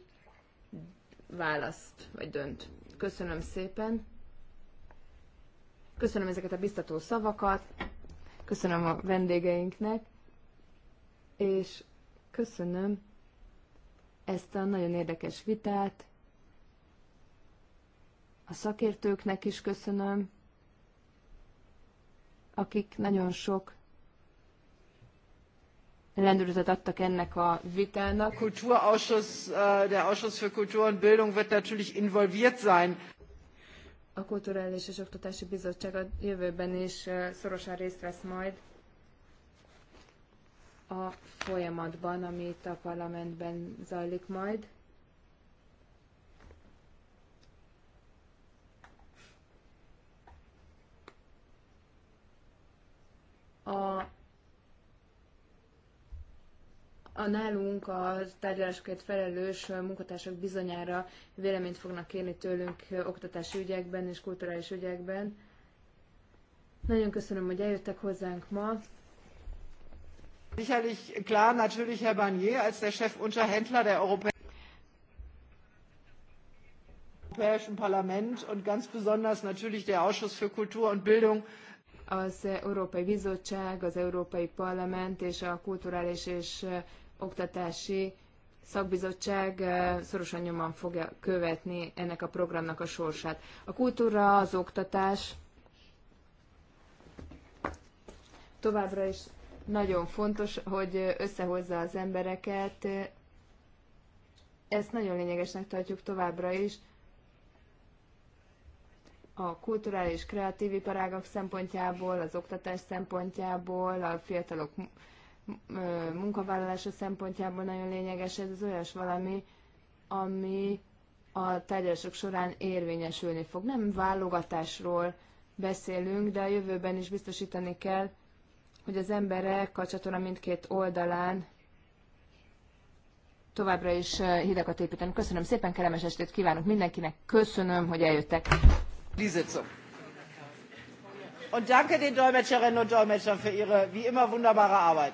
S3: választ, vagy dönt. Köszönöm szépen. Köszönöm ezeket a biztató szavakat, köszönöm a vendégeinknek, és köszönöm ezt a nagyon érdekes vitát. A szakértőknek is köszönöm akik nagyon sok lendületet adtak ennek a vitának.
S1: Kulturausschuss, äh, der Ausschuss für Kultur und Bildung
S3: wird natürlich involviert sein. A Kulturális és Oktatási Bizottság a jövőben is äh, szorosan részt vesz majd a folyamatban, amit a parlamentben zajlik majd. a a nálunk a tárgyalásokért felelős munkatársak bizonyára véleményt fognak kérni tőlünk oktatási ügyekben és kulturális ügyekben. Nagyon köszönöm, hogy eljöttek hozzánk ma. Sicherlich
S1: klar, natürlich Herr Barnier als der Chefunterhändler der Europäischen Parlament und ganz besonders natürlich der Ausschuss für Kultur und
S3: Bildung az Európai Bizottság, az Európai Parlament és a Kulturális és Oktatási Szakbizottság szorosan nyomon fogja követni ennek a programnak a sorsát. A kultúra, az oktatás továbbra is nagyon fontos, hogy összehozza az embereket. Ezt nagyon lényegesnek tartjuk továbbra is, a kulturális, kreatív iparágak szempontjából, az oktatás szempontjából, a fiatalok munkavállalása szempontjából nagyon lényeges. Ez az olyas valami, ami a tárgyalások során érvényesülni fog. Nem válogatásról beszélünk, de a jövőben is biztosítani kell, hogy az emberek a csatorna mindkét oldalán továbbra is hidakat építeni. Köszönöm szépen, kellemes estét kívánok mindenkinek, köszönöm, hogy eljöttek. Die Sitzung. Und danke den Dolmetscherinnen und Dolmetschern für ihre wie immer wunderbare Arbeit.